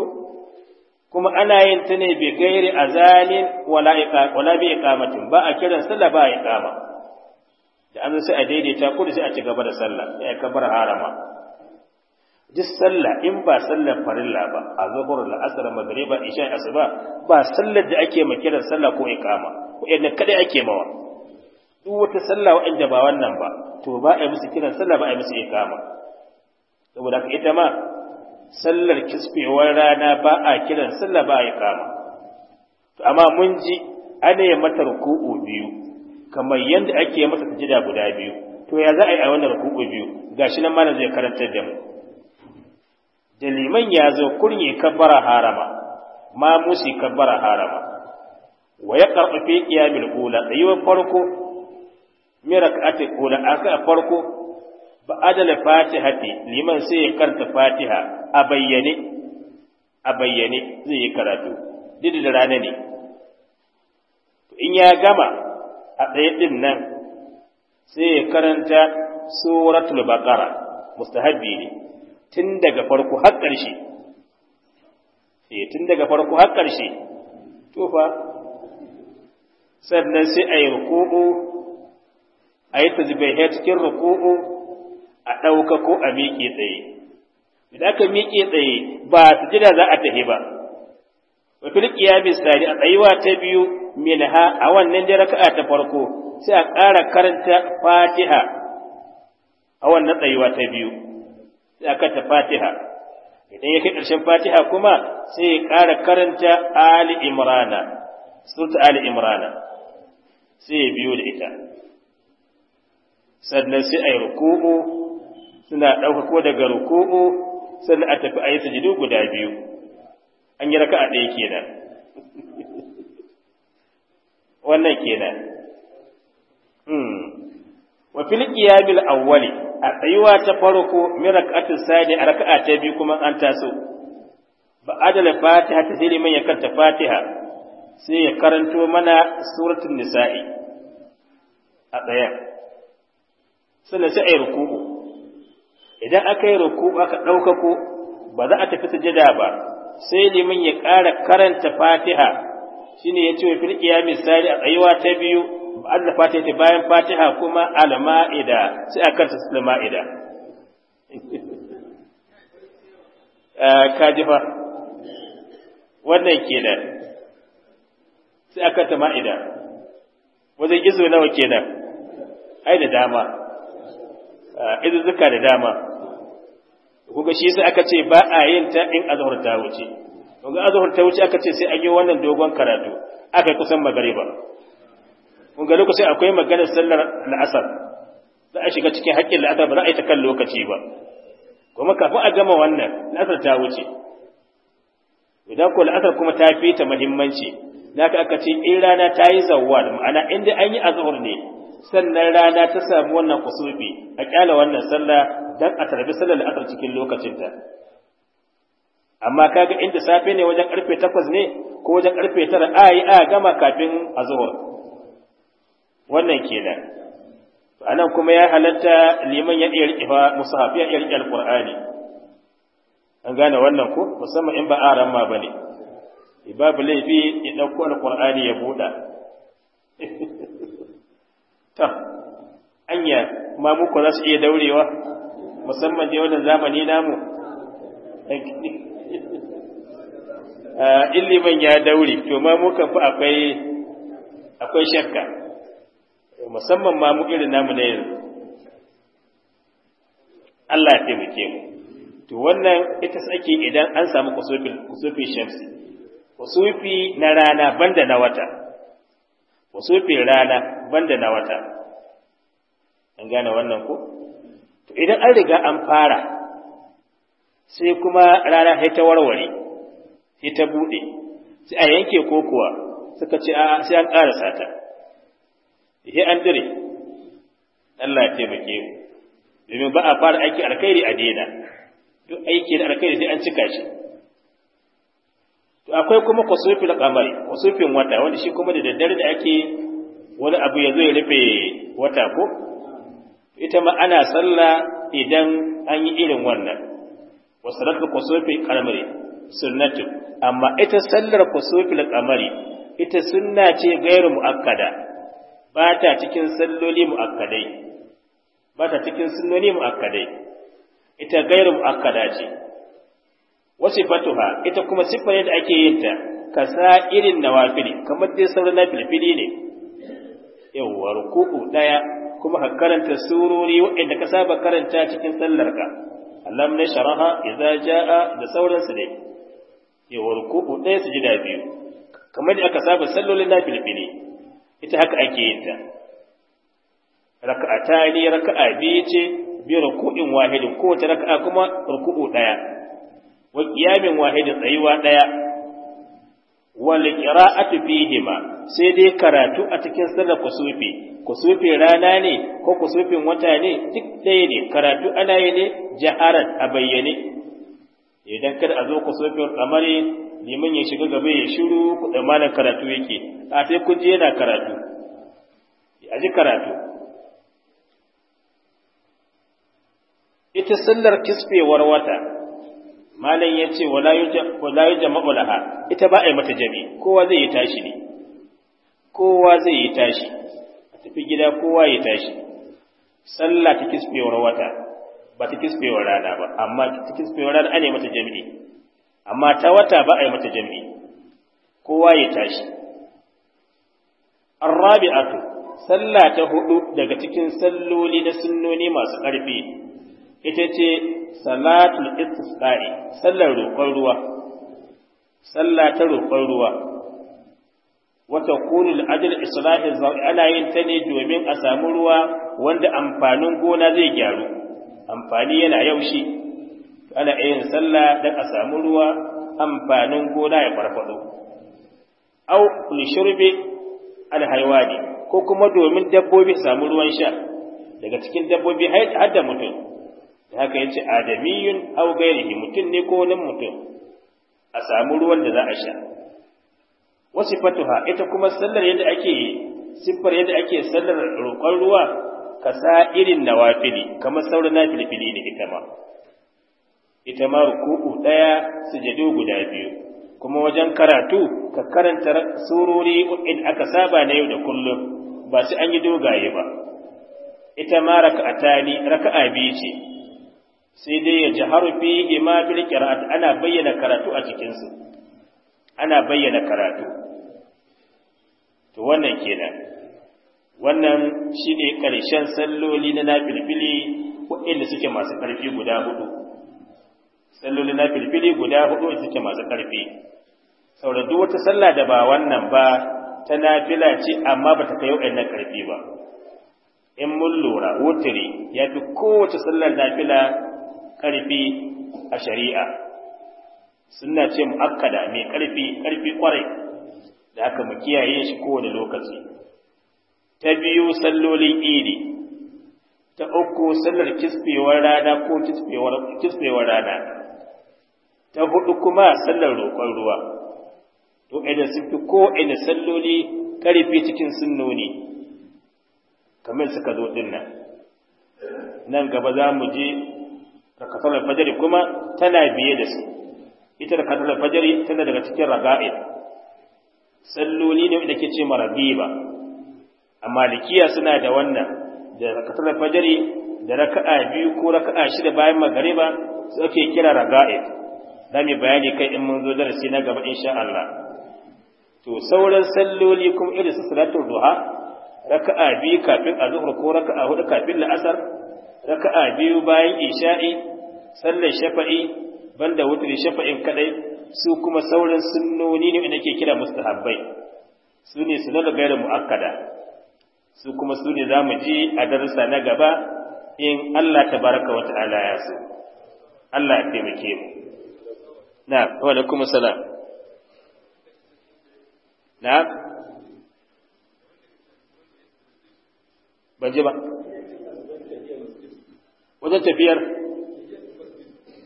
kuma ana yin ta ne bi gairi azalin wala wala bi iqamatin ba a kiran sallah ba a iqama da an sai a daidaita ko da sai a ci gaba da sallah ya kabar harama duk sallah in ba sallar farilla ba a zuhur la'asar magriba isha asuba ba sallar da ake ma kiran sallah ko iqama wanda kada ake mawa duk wata sallah inda ba wannan ba to ba a musu kiran sallah ba a musu iqama saboda ka ita ma sallar kisfewar rana ba a kiran sallah ba a iqama to amma mun ji ana yi mata ruku'u biyu kamar yadda ake masa tajida guda biyu to ya za a yi a wannan ruku'u biyu gashi nan malam zai karantar da mu da liman ya zo kurye kabbara harama ma musi kabbara harama wa ya karɓi fi ƙiyamil da yiwa farko mira ka ake a ka farko ba adala fatiha ce liman sai ya karta fatiha a bayyane a bayyane zai yi karatu didi da rana ne in ya gama a ɗaya ɗin nan sai ya karanta suratul baqara mustahabbi ne tun daga farko har ƙarshe eh tun daga farko har ƙarshe to sannan sai a yi ruku'u a yi cikin ruku'u a ɗauka ko a miƙe tsaye idan aka miƙe tsaye ba sujada za a tafi ba wa fil qiyami sari a tsayuwa ta biyu minha a wannan da raka'a ta farko sai a ƙara karanta fatiha a wannan tsayuwa ta biyu sai aka ta fatiha idan ya kai ƙarshen fatiha kuma sai ya ƙara karanta ali imrana surta ali imrana sai ya biyo da ita sannan sai a yi ruku'u suna ko daga ruku'u sannan a tafi a yi sujudu guda biyu an yi raka'a ɗaya kenan wannan kenan hmm. wa fil qiyamil awwali a tsayuwa ta farko min rakatun sadi a raka'a ta biyu kuma an taso ba adala fatiha ta sai liman ya karanta fatiha sai ya karanto mana suratul nisa'i a tsaya sannan sai ayi ruku'u idan aka yi ruku'u aka ɗaukako ba za a tafi sujada ba sai liman ya ƙara karanta fatiha shine ya ce wa fil misali a tsayuwa ta biyu Allah Fatiha ce bayan fatiha kuma al-ma'ida sai akan tasal ma'ida eh, kajifa wannan kenan sai akan ta ma'ida wajen izo nawa kenan ai da dama eh, izo zuka da dama kuka shi sai aka ce ba a yin ta in azhar ta wuce kuka azhar ta wuce aka ce sai an yi wannan dogon karatu aka kusan magariba mun ga lokaci akwai maganar sallar la'asar za a shiga cikin haƙƙin la'asar ba za a yi ta kan lokaci ba kuma kafin a gama wannan la'asar ta wuce idan ko la'asar kuma ta fi ta muhimmanci da aka aka ce in rana ta yi zawwal ma'ana inda an yi azhar ne sannan rana ta samu wannan kusufi a kyala wannan sallah dan a tarbi sallar la'asar cikin lokacinta amma kaga inda safe ne wajen karfe 8 ne ko wajen karfe 9 ayi a gama kafin azhar wannan ke kenan anan kuma ya halatta liman ya iya riƙe musahaf ya iya riƙe alƙur'ani an gane wannan ko musamman in ba aran ma bane eh, babu laifi ya ɗauko alƙur'ani ya buɗa ta anya ma muku za su iya daurewa musamman da wannan zamani namu ah, in liman ya daure to ma muka fi akwai akwai shakka musamman ma mu irin namu na yanzu Allah ya taimake mu to wannan ita sake idan an samu kusufi kusufi shamsi kusufi na rana banda na wata kusufin rana banda na wata an gane wannan ko to idan an riga an fara sai kuma rana sai ta warware sai ta bude sai a yanke kokowa suka ce a sai an karasa ta sai an dire Allah ya taimake mu domin ba a fara aiki alkhairi a daina duk aiki da alkhairi sai an cika shi to akwai kuma da kamari kusufin wata wanda shi kuma da daddare da ake wani abu ya zo ya rufe wata ko ita ma ana sallah idan an yi irin wannan wasu rafi kusufi kamari sunnatu amma ita sallar kusufi kamari ita sunna ce gairu mu'akkada ba ta cikin salloli mu'akkadai ba ta cikin sunnoni mu'akkadai ita gairu mu'akkada ce fatuha ita kuma siffar da ake yin ta kasa irin nawafili kamar dai sauran fili ne yawwa ruku'u daya kuma ka karanta surori waɗanda ka saba karanta cikin sallarka Allah ne sharaha idza jaa da sauransu ne yawwa ruku'u daya sujida biyu kamar da aka saba sallolin nafili-fili. ita haka ake yin ta raka'a ta ne raka'a biyu ce bi ruku'in wahidin kowace raka'a kuma ruku'u ɗaya wa qiyamin wahidin tsayuwa ɗaya wal qira'atu fihima sai dai karatu a cikin sallar kusufi kusufi rana ne ko kusufin wata ne duk dai ne karatu ana yi ne jaharat a bayyane idan kada a zo ku sofiyar tsamari neman ya shiga gaba ya shiru da malam karatu yake a sai ku je yana karatu a ji karatu ita sallar kisfewar wata malam ya ce wala yi jama'u laha ita ba a yi mata jami kowa zai yi tashi ne kowa zai yi tashi a tafi gida kowa ya tashi Sallar ta kisfewar wata ba ta kisfewar rana ba amma ta kisfewar rana ana mata jami'i amma ta wata ba a yi mata jami'i kowa ya tashi arrabi'atu sallah ta hudu daga cikin salloli na sunnoni masu ƙarfi ita ce salatul istisqa'i sallar roƙon ruwa sallah ta roƙon ruwa wata kunul ajal islahi ana yin ta ne domin a samu ruwa wanda amfanin gona zai gyaru amfani yana yaushe ana yin sallah don a samu ruwa amfanin gona ya farfado au al ne, ko kuma domin dabbobi samu ruwan sha daga cikin dabbobi har da mutum haka yace adamiyun au gairihi mutum ne ko wani mutum a samu ruwan da za a sha wasifatuha ita kuma sallar yadda ake siffar yadda ake sallar roƙon ruwa Kasa irin sa'irin nawafili kamar sauran nafilfili ne ita ma ita ma ruku'u ɗaya sujadu guda biyu kuma wajen karatu ka karanta surori in aka saba na yau da kullum ba su an yi dogaye ba ita ma raka'atani raka'a biyu ce sai dai ya ji harfi ima bil qira'at ana bayyana karatu a cikin su ana bayyana karatu to wannan kenan wannan shi ne ƙarshen salloli na nafilfili waɗanda suke masu ƙarfi guda hudu salloli na nafilfili guda hudu suke masu ƙarfi sauradu wata sallah da ba wannan ba ta nafila ce amma ba ta kai waɗannan ƙarfi ba in mun lura wutiri ya fi kowace sallar nafila ƙarfi a shari'a suna ce mu mu'akkada mai ƙarfi ƙarfi ƙwarai da aka mu kiyaye shi kowane lokaci ta biyu sallolin idi ta uku sallar kisfewar rana ko kisfewar rana ta hudu kuma sallar roƙon ruwa to ina fi ko ina salloli karfi cikin sunnoni kamar suka zo din nan nan gaba za mu je rakatar fajari kuma tana biye da su ita rakatar fajari tana daga cikin raga'id salloli ne wanda ke ce marabiba Amalikiya suna da wannan da rakatar fajari da raka'a biyu ko raka'a shida bayan magariba su ake kira raga'id za mu bayani kai in mun zo darasi na gaba insha Allah to sauran salloli kuma irin su salatul duha raka'a biyu kafin azhar ko raka'a hudu kafin la'asar raka'a biyu bayan isha'i sallar shafa'i banda wutri shafa'in kadai su kuma sauran sunnoni ne da ke kira mustahabbai su ne sunan gairu muakkada su kuma su ne za mu ji a darussa na gaba in Allah ta baraka wa ta'ala ya so Allah ya taimake mu na wa alaikum salam na ban ji ba wajen tafiyar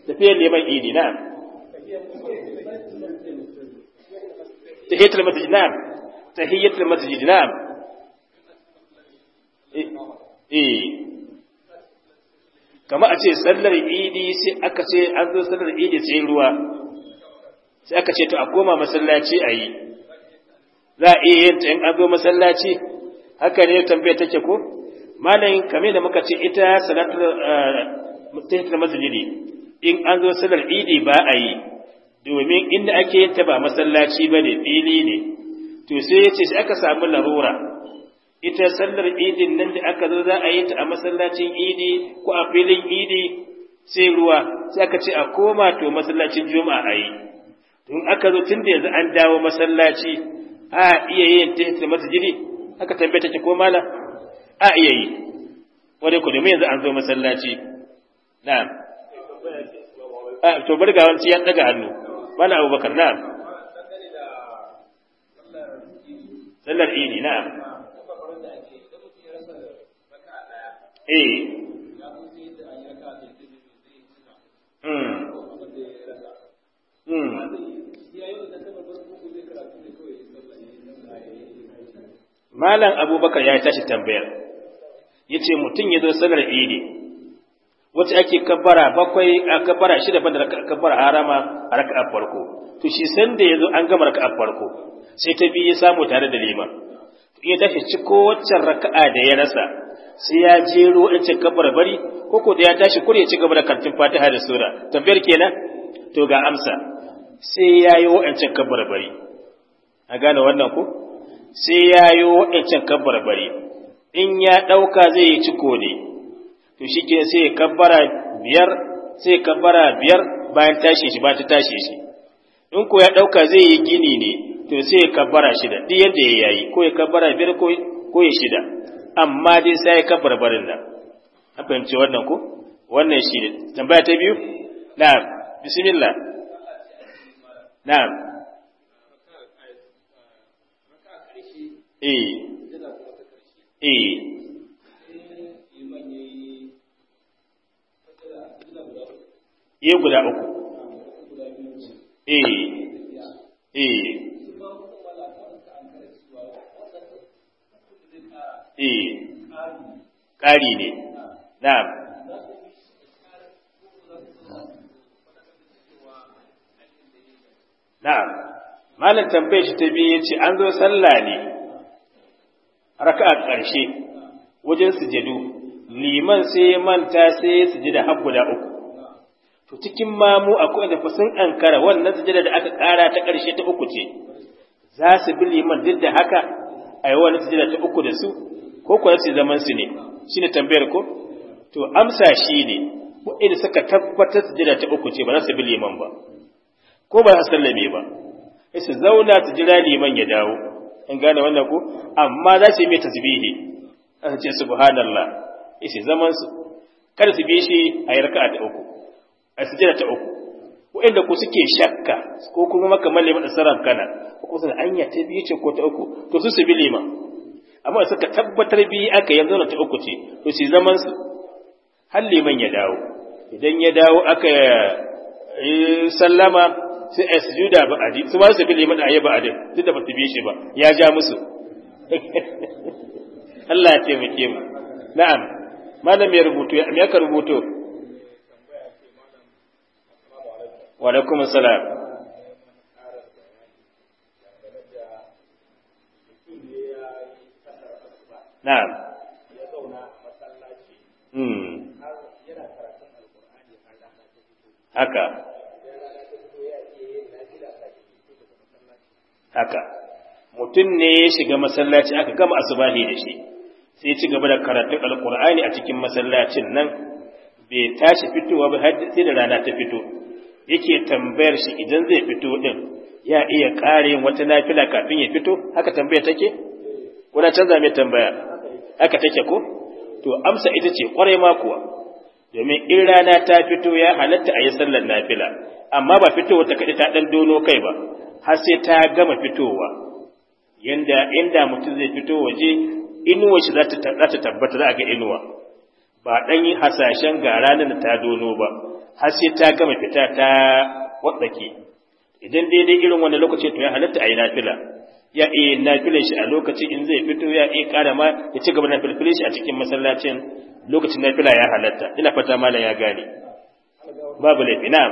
tafiyar neman idi na tahiyatul masjid na tahiyatul masjid na eh kama a ce sallar idi sai aka ce an zo sallar idi sai ruwa sai aka ce to a koma masallaci a yi za a iya yanta ta in an zo masallaci haka ne tambaya take ko malayin kame da muka ce ita salatul mutahitul eh, masjidi in an zo sallar idi ba a yi domin inda ake yin ba masallaci ba ne fili ne to sai ya ce sai aka samu larura ita sallar idin nan da aka zo za a yi ta a masallacin idi ko a filin idi sai ruwa sai aka ce a koma to masallacin juma'a a yi tun aka zo tun da yanzu an dawo masallaci a iya yin ta ita masjidi aka tambaye ta ko mala a iya yi Wani ku domin yanzu an zo masallaci na'am a to bari ga wani ya daga hannu mala abubakar na'am sallar idi na'am Eh. Hmm. Hmm. Malam Abubakar ya tashi tambayar, ya ce mutum ya zo sanar idi, wacce ake kabbara bakwai a kabbara shida ban da kabbara harama a raka'a farko, to shi sanda ya zo an gama raka'a farko, sai ta biyu ya samu tare da liman. ya tashi ciko waccan raka'a da ya rasa sai ya jero wadancan kabar bari ko ko da ya tashi kur ya ci gaba da kartin Fatiha da sura tambayar kenan to ga amsa sai ya yi waɗancan kabar bari a gane wannan ko sai ya yi waɗancan kabar bari in ya dauka zai yi ciko ne to shike sai ya kabbara biyar sai kabbara biyar bayan tashi shi ba ta tashi shi in ko ya dauka zai yi gini ne to sai ya kabbara shida duk yadda ya yayi ko ya kabbara biyar ko ya shida amma dai sai ya kabbara barin nan a fahimci wannan ko wannan shi ne tambaya ta biyu na'am bismillah na'am eh eh yi eh, guda uku eh eh E, ƙari ne na'am na malam tambayar shi ta biyu ce, an zo sallah ne a ƙarshe wajen sujadu liman sai ya manta sai ya da har guda uku to cikin mamu akwai da fasin ankara wannan sujada da aka ƙara ta ƙarshe ta uku ce za su bi liman duk da haka a yi wani sujada ta uku da su ko kuwa su zaman su ne shine tambayar ko to amsa shi ko wa'in suka tabbatar sujada ta uku ce ba za su bi liman ba ko ba za su sallame ba sai su zauna su jira liman ya dawo an gane wannan ko amma za su yi mai tasbihi za ce subhanallah sai zaman su kada su bi shi a yarka ta uku a jira ta uku wa'inda ku suke shakka ko kuma maka mallima da sarar kana ko sun anya ta biyu ce ko ta uku to su su bi liman amma suka tabbatar bi aka yanzu na ta uku ce to su zaman su har liman ya dawo idan ya dawo aka sallama sai a sujuda ba ji su ba su bi liman ayyaba a adi duk da su bi shi ba ya ja musu Allah ya taimake mu na'am malam ya rubuto ya me aka rubuto wa alaikumus salam na'am ya hmm. haka haka mutum ne ya shiga masallaci aka gama asubahi da shi sai ci gaba da karatun alkur'ani a cikin masallacin nan bai tashi fitowa ba har sai da rana ta fito yake tambayar shi idan zai fito din ya iya yin wata nafila kafin ya fito haka tambaya take Wani eh. canza mai tambaya haka take ko to amsa ita ce kwarai ma kuwa domin in rana ta fito ya halatta a yi sallar nafila amma ba fitowa ta kaɗi ta ɗan dono kai ba har sai ta gama fitowa yanda inda mutum zai fito waje inuwa shi za ta tabbata za a ga inuwa ba ɗan yi hasashen ga ranar da ta dono ba har sai ta gama fita ta watsake idan daidai irin wani lokaci to ya halatta a yi nafila ya na eh, nafilar shi a lokacin in zai fito ya iya eh, ƙara ma ya ci gaba nafilar shi a cikin masallacin lokacin na fila ya halatta ina fata mala ya gane babu laifi na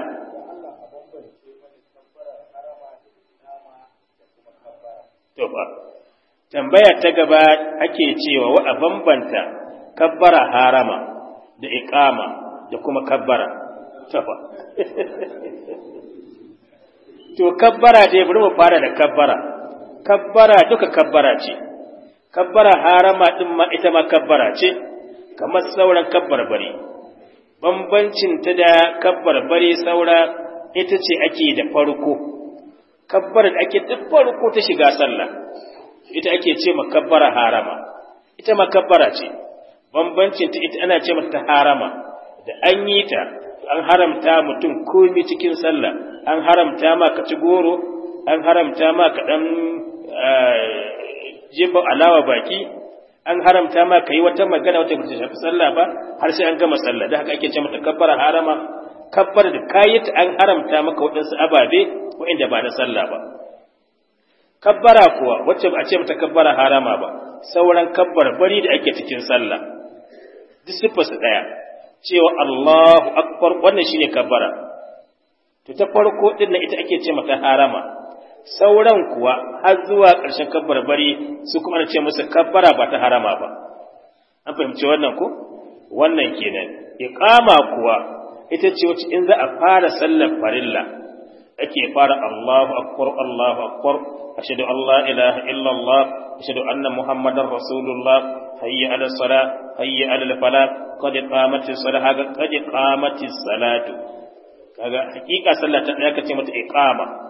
to ba tambaya ta gaba ake cewa wa a bambanta kabbara harama da iqama da kuma kabbara to ba to kabbara dai bari mu fara da kabbara kabbara duka kabbara ce kabbara harama din ma ita ma kabbara ce kamar sauran kabbar bari bambancin ta da kabbar bari saura ita ce ake da farko kabbar da ake da farko ta shiga sallah ita ake ce ma kabbara harama ita ma kabbara ce bambancin ta ita ana ce mata harama da an yi ta an haramta mutum komi cikin sallah an haramta ma ka ci goro an haramta ma ka ɗan jefa alawa baki an haramta ma kai wata magana wata bata shafi sallah ba har sai an gama sallah da haka ake ce mata kabbara harama kabbara da kayi ta an haramta maka waɗansu ababe waɗanda ba na sallah ba kabbara kuwa wacce ba a ce mata kabbara harama ba sauran kabbar bari da ake cikin sallah duk ɗaya cewa Allahu akbar wannan shine kabbara to ta farko din ita ake ce mata harama sauran kuwa har zuwa ƙarshen kabbar bari su kuma na ce musu kabbara ba ta harama ba an fahimci wannan ku. wannan kenan iqama kuwa ita ce wacce in za a fara sallar farilla ake fara Allahu akbar Allahu akbar ashhadu an la ilaha illa Allah ashhadu anna muhammadar rasulullah hayya ala salat hayya ala falah qad qamatis salat haka qad qamatis salatu kaga hakika sallar ta ɗaya kace mata iqama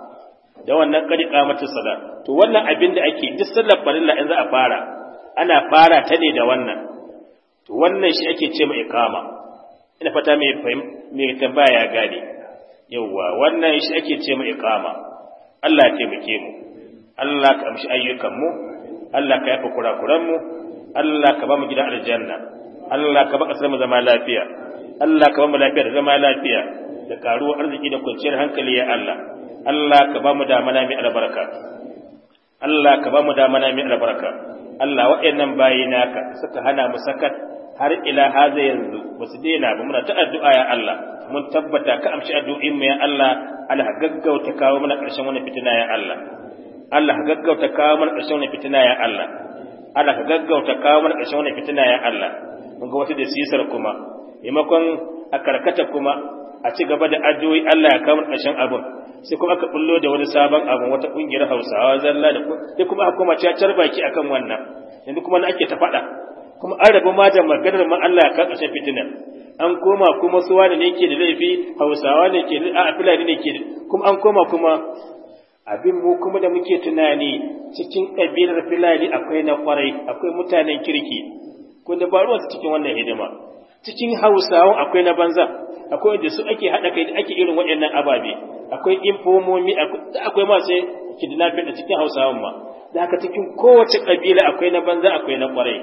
da wannan kadi kamata sala to wannan abin da ake duk sallar farilla in za a fara ana fara ta ne da wannan to wannan shi ake ce mai ikama ina fata mai mai tambaya ya gane yawwa wannan shi ake ce mai ikama Allah ya taimake mu Allah ka amshi ayyukan mu Allah ka yafa kurakuran mu Allah ka ba mu gidan aljanna Allah ka ba kasar mu zama lafiya Allah ka ba mu lafiya da zama lafiya da karuwar arziki da kwanciyar hankali ya Allah Allah ka ba mu damana mai albarka Allah ka ba mu damana mai albarka Allah wa'annan bayina ka suka hana mu sakat har ila haza yanzu ba su daina ba muna ta addu'a ya Allah mun tabbata ka amshi addu'in mu ya Allah Allah gaggauta kawo mana ƙarshen wannan fitina ya Allah Allah gaggauta kawo mana ƙarshen wannan fitina ya Allah Allah ka gaggauta kawo mana ƙarshen wannan fitina ya Allah mun ga wata da sisar kuma maimakon a karkata kuma a ci gaba da addu'o'i Allah ya kawo ƙarshen abun sai kuma aka bullo da wani sabon abu wata ƙungiyar Hausawa zalla da sai kuma aka koma cacar baki akan wannan yanzu kuma na ake ta faɗa kuma an rabu ma da maganar ma Allah ya kawo fitina an koma kuma su wani ne ke da laifi Hausawa ne ke a Fulani ne ke kuma an koma kuma abin mu kuma da muke tunani cikin ƙabilar Fulani akwai na kwarai akwai mutanen kirki kun da ba ruwansu cikin wannan hidima cikin hausawa akwai na banza akwai da su ake haɗa kai da ake irin waɗannan ababe akwai infomomi akwai masu kidnapping da cikin hausawan ma da haka cikin kowace ƙabila akwai na banza akwai na ƙwarai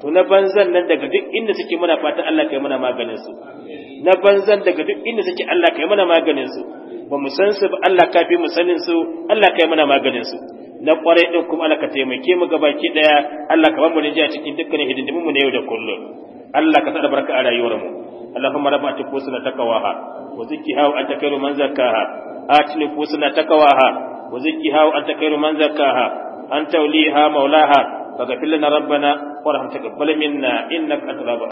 to na banzan nan daga duk inda suke muna fatan Allah kai mana maganin su na banzan daga duk inda suke Allah kai mana maganin su ba mu san su ba Allah ka fi mu sanin su Allah kai mana maganin su na ƙwarai din kuma Allah ka taimake mu gabaki daya Allah ka ba mu rijiya cikin dukkanin hidindimin mu na yau da kullum Allah ka sada barka a rayuwar mu Allahumma rabba ati kusna takawaha wa zikkiha wa anta khairu man zakkaha ati kusna takawaha wa zikkiha wa anta khairu man zakkaha anta waliha maulaha faghfir lana rabbana warhamna taqabbal minna innaka antal